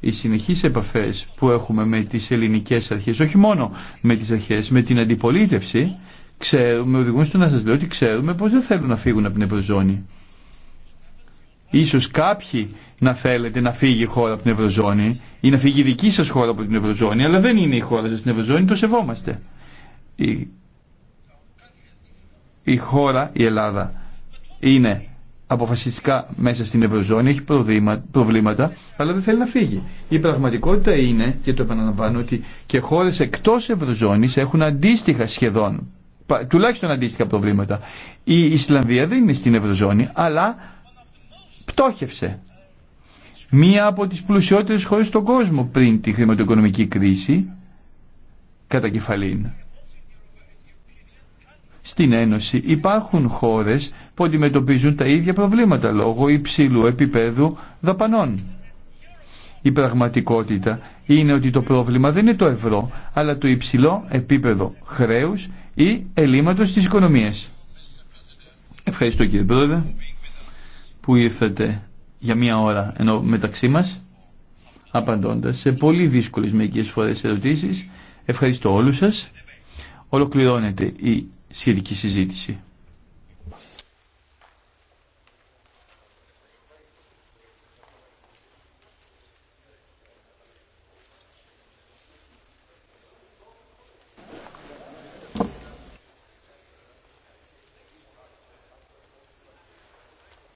Οι συνεχείς επαφές που έχουμε με τις ελληνικές αρχές, όχι μόνο με τις αρχές, με την αντιπολίτευση, ξέρουμε, οδηγούν στο να σας λέω ότι ξέρουμε πως δεν θέλουν να φύγουν από την Ευρωζώνη. Ίσως κάποιοι να θέλετε να φύγει η χώρα από την Ευρωζώνη ή να φύγει η δική σας χώρα από την Ευρωζώνη, αλλά δεν είναι η χώρα σας στην Ευρωζώνη, το σεβόμαστε. Η, η χώρα, η Ελλάδα, είναι αποφασιστικά μέσα στην Ευρωζώνη, έχει προβλήματα, αλλά δεν θέλει να φύγει. Η πραγματικότητα είναι, και το επαναλαμβάνω, ότι και χώρες εκτός Ευρωζώνης έχουν αντίστοιχα σχεδόν, τουλάχιστον αντίστοιχα προβλήματα. Η Ισλανδία δεν είναι στην Ευρωζώνη, αλλά πτώχευσε. Μία από τις πλουσιότερες χώρες στον κόσμο πριν τη χρηματοοικονομική κρίση, κατά κεφαλήν. Στην Ένωση υπάρχουν χώρες που αντιμετωπίζουν τα ίδια προβλήματα λόγω υψηλού επίπεδου δαπανών. Η πραγματικότητα είναι ότι το πρόβλημα δεν είναι το ευρώ, αλλά το υψηλό επίπεδο χρέους ή ελλείμματος της οικονομίας. Ευχαριστώ κύριε Πρόεδρε που ήρθατε για μία ώρα ενώ μεταξύ μας απαντώντας σε πολύ δύσκολες μερικές φορές ερωτήσεις. Ευχαριστώ όλους σας. Ολοκληρώνεται η σχετική συζήτηση.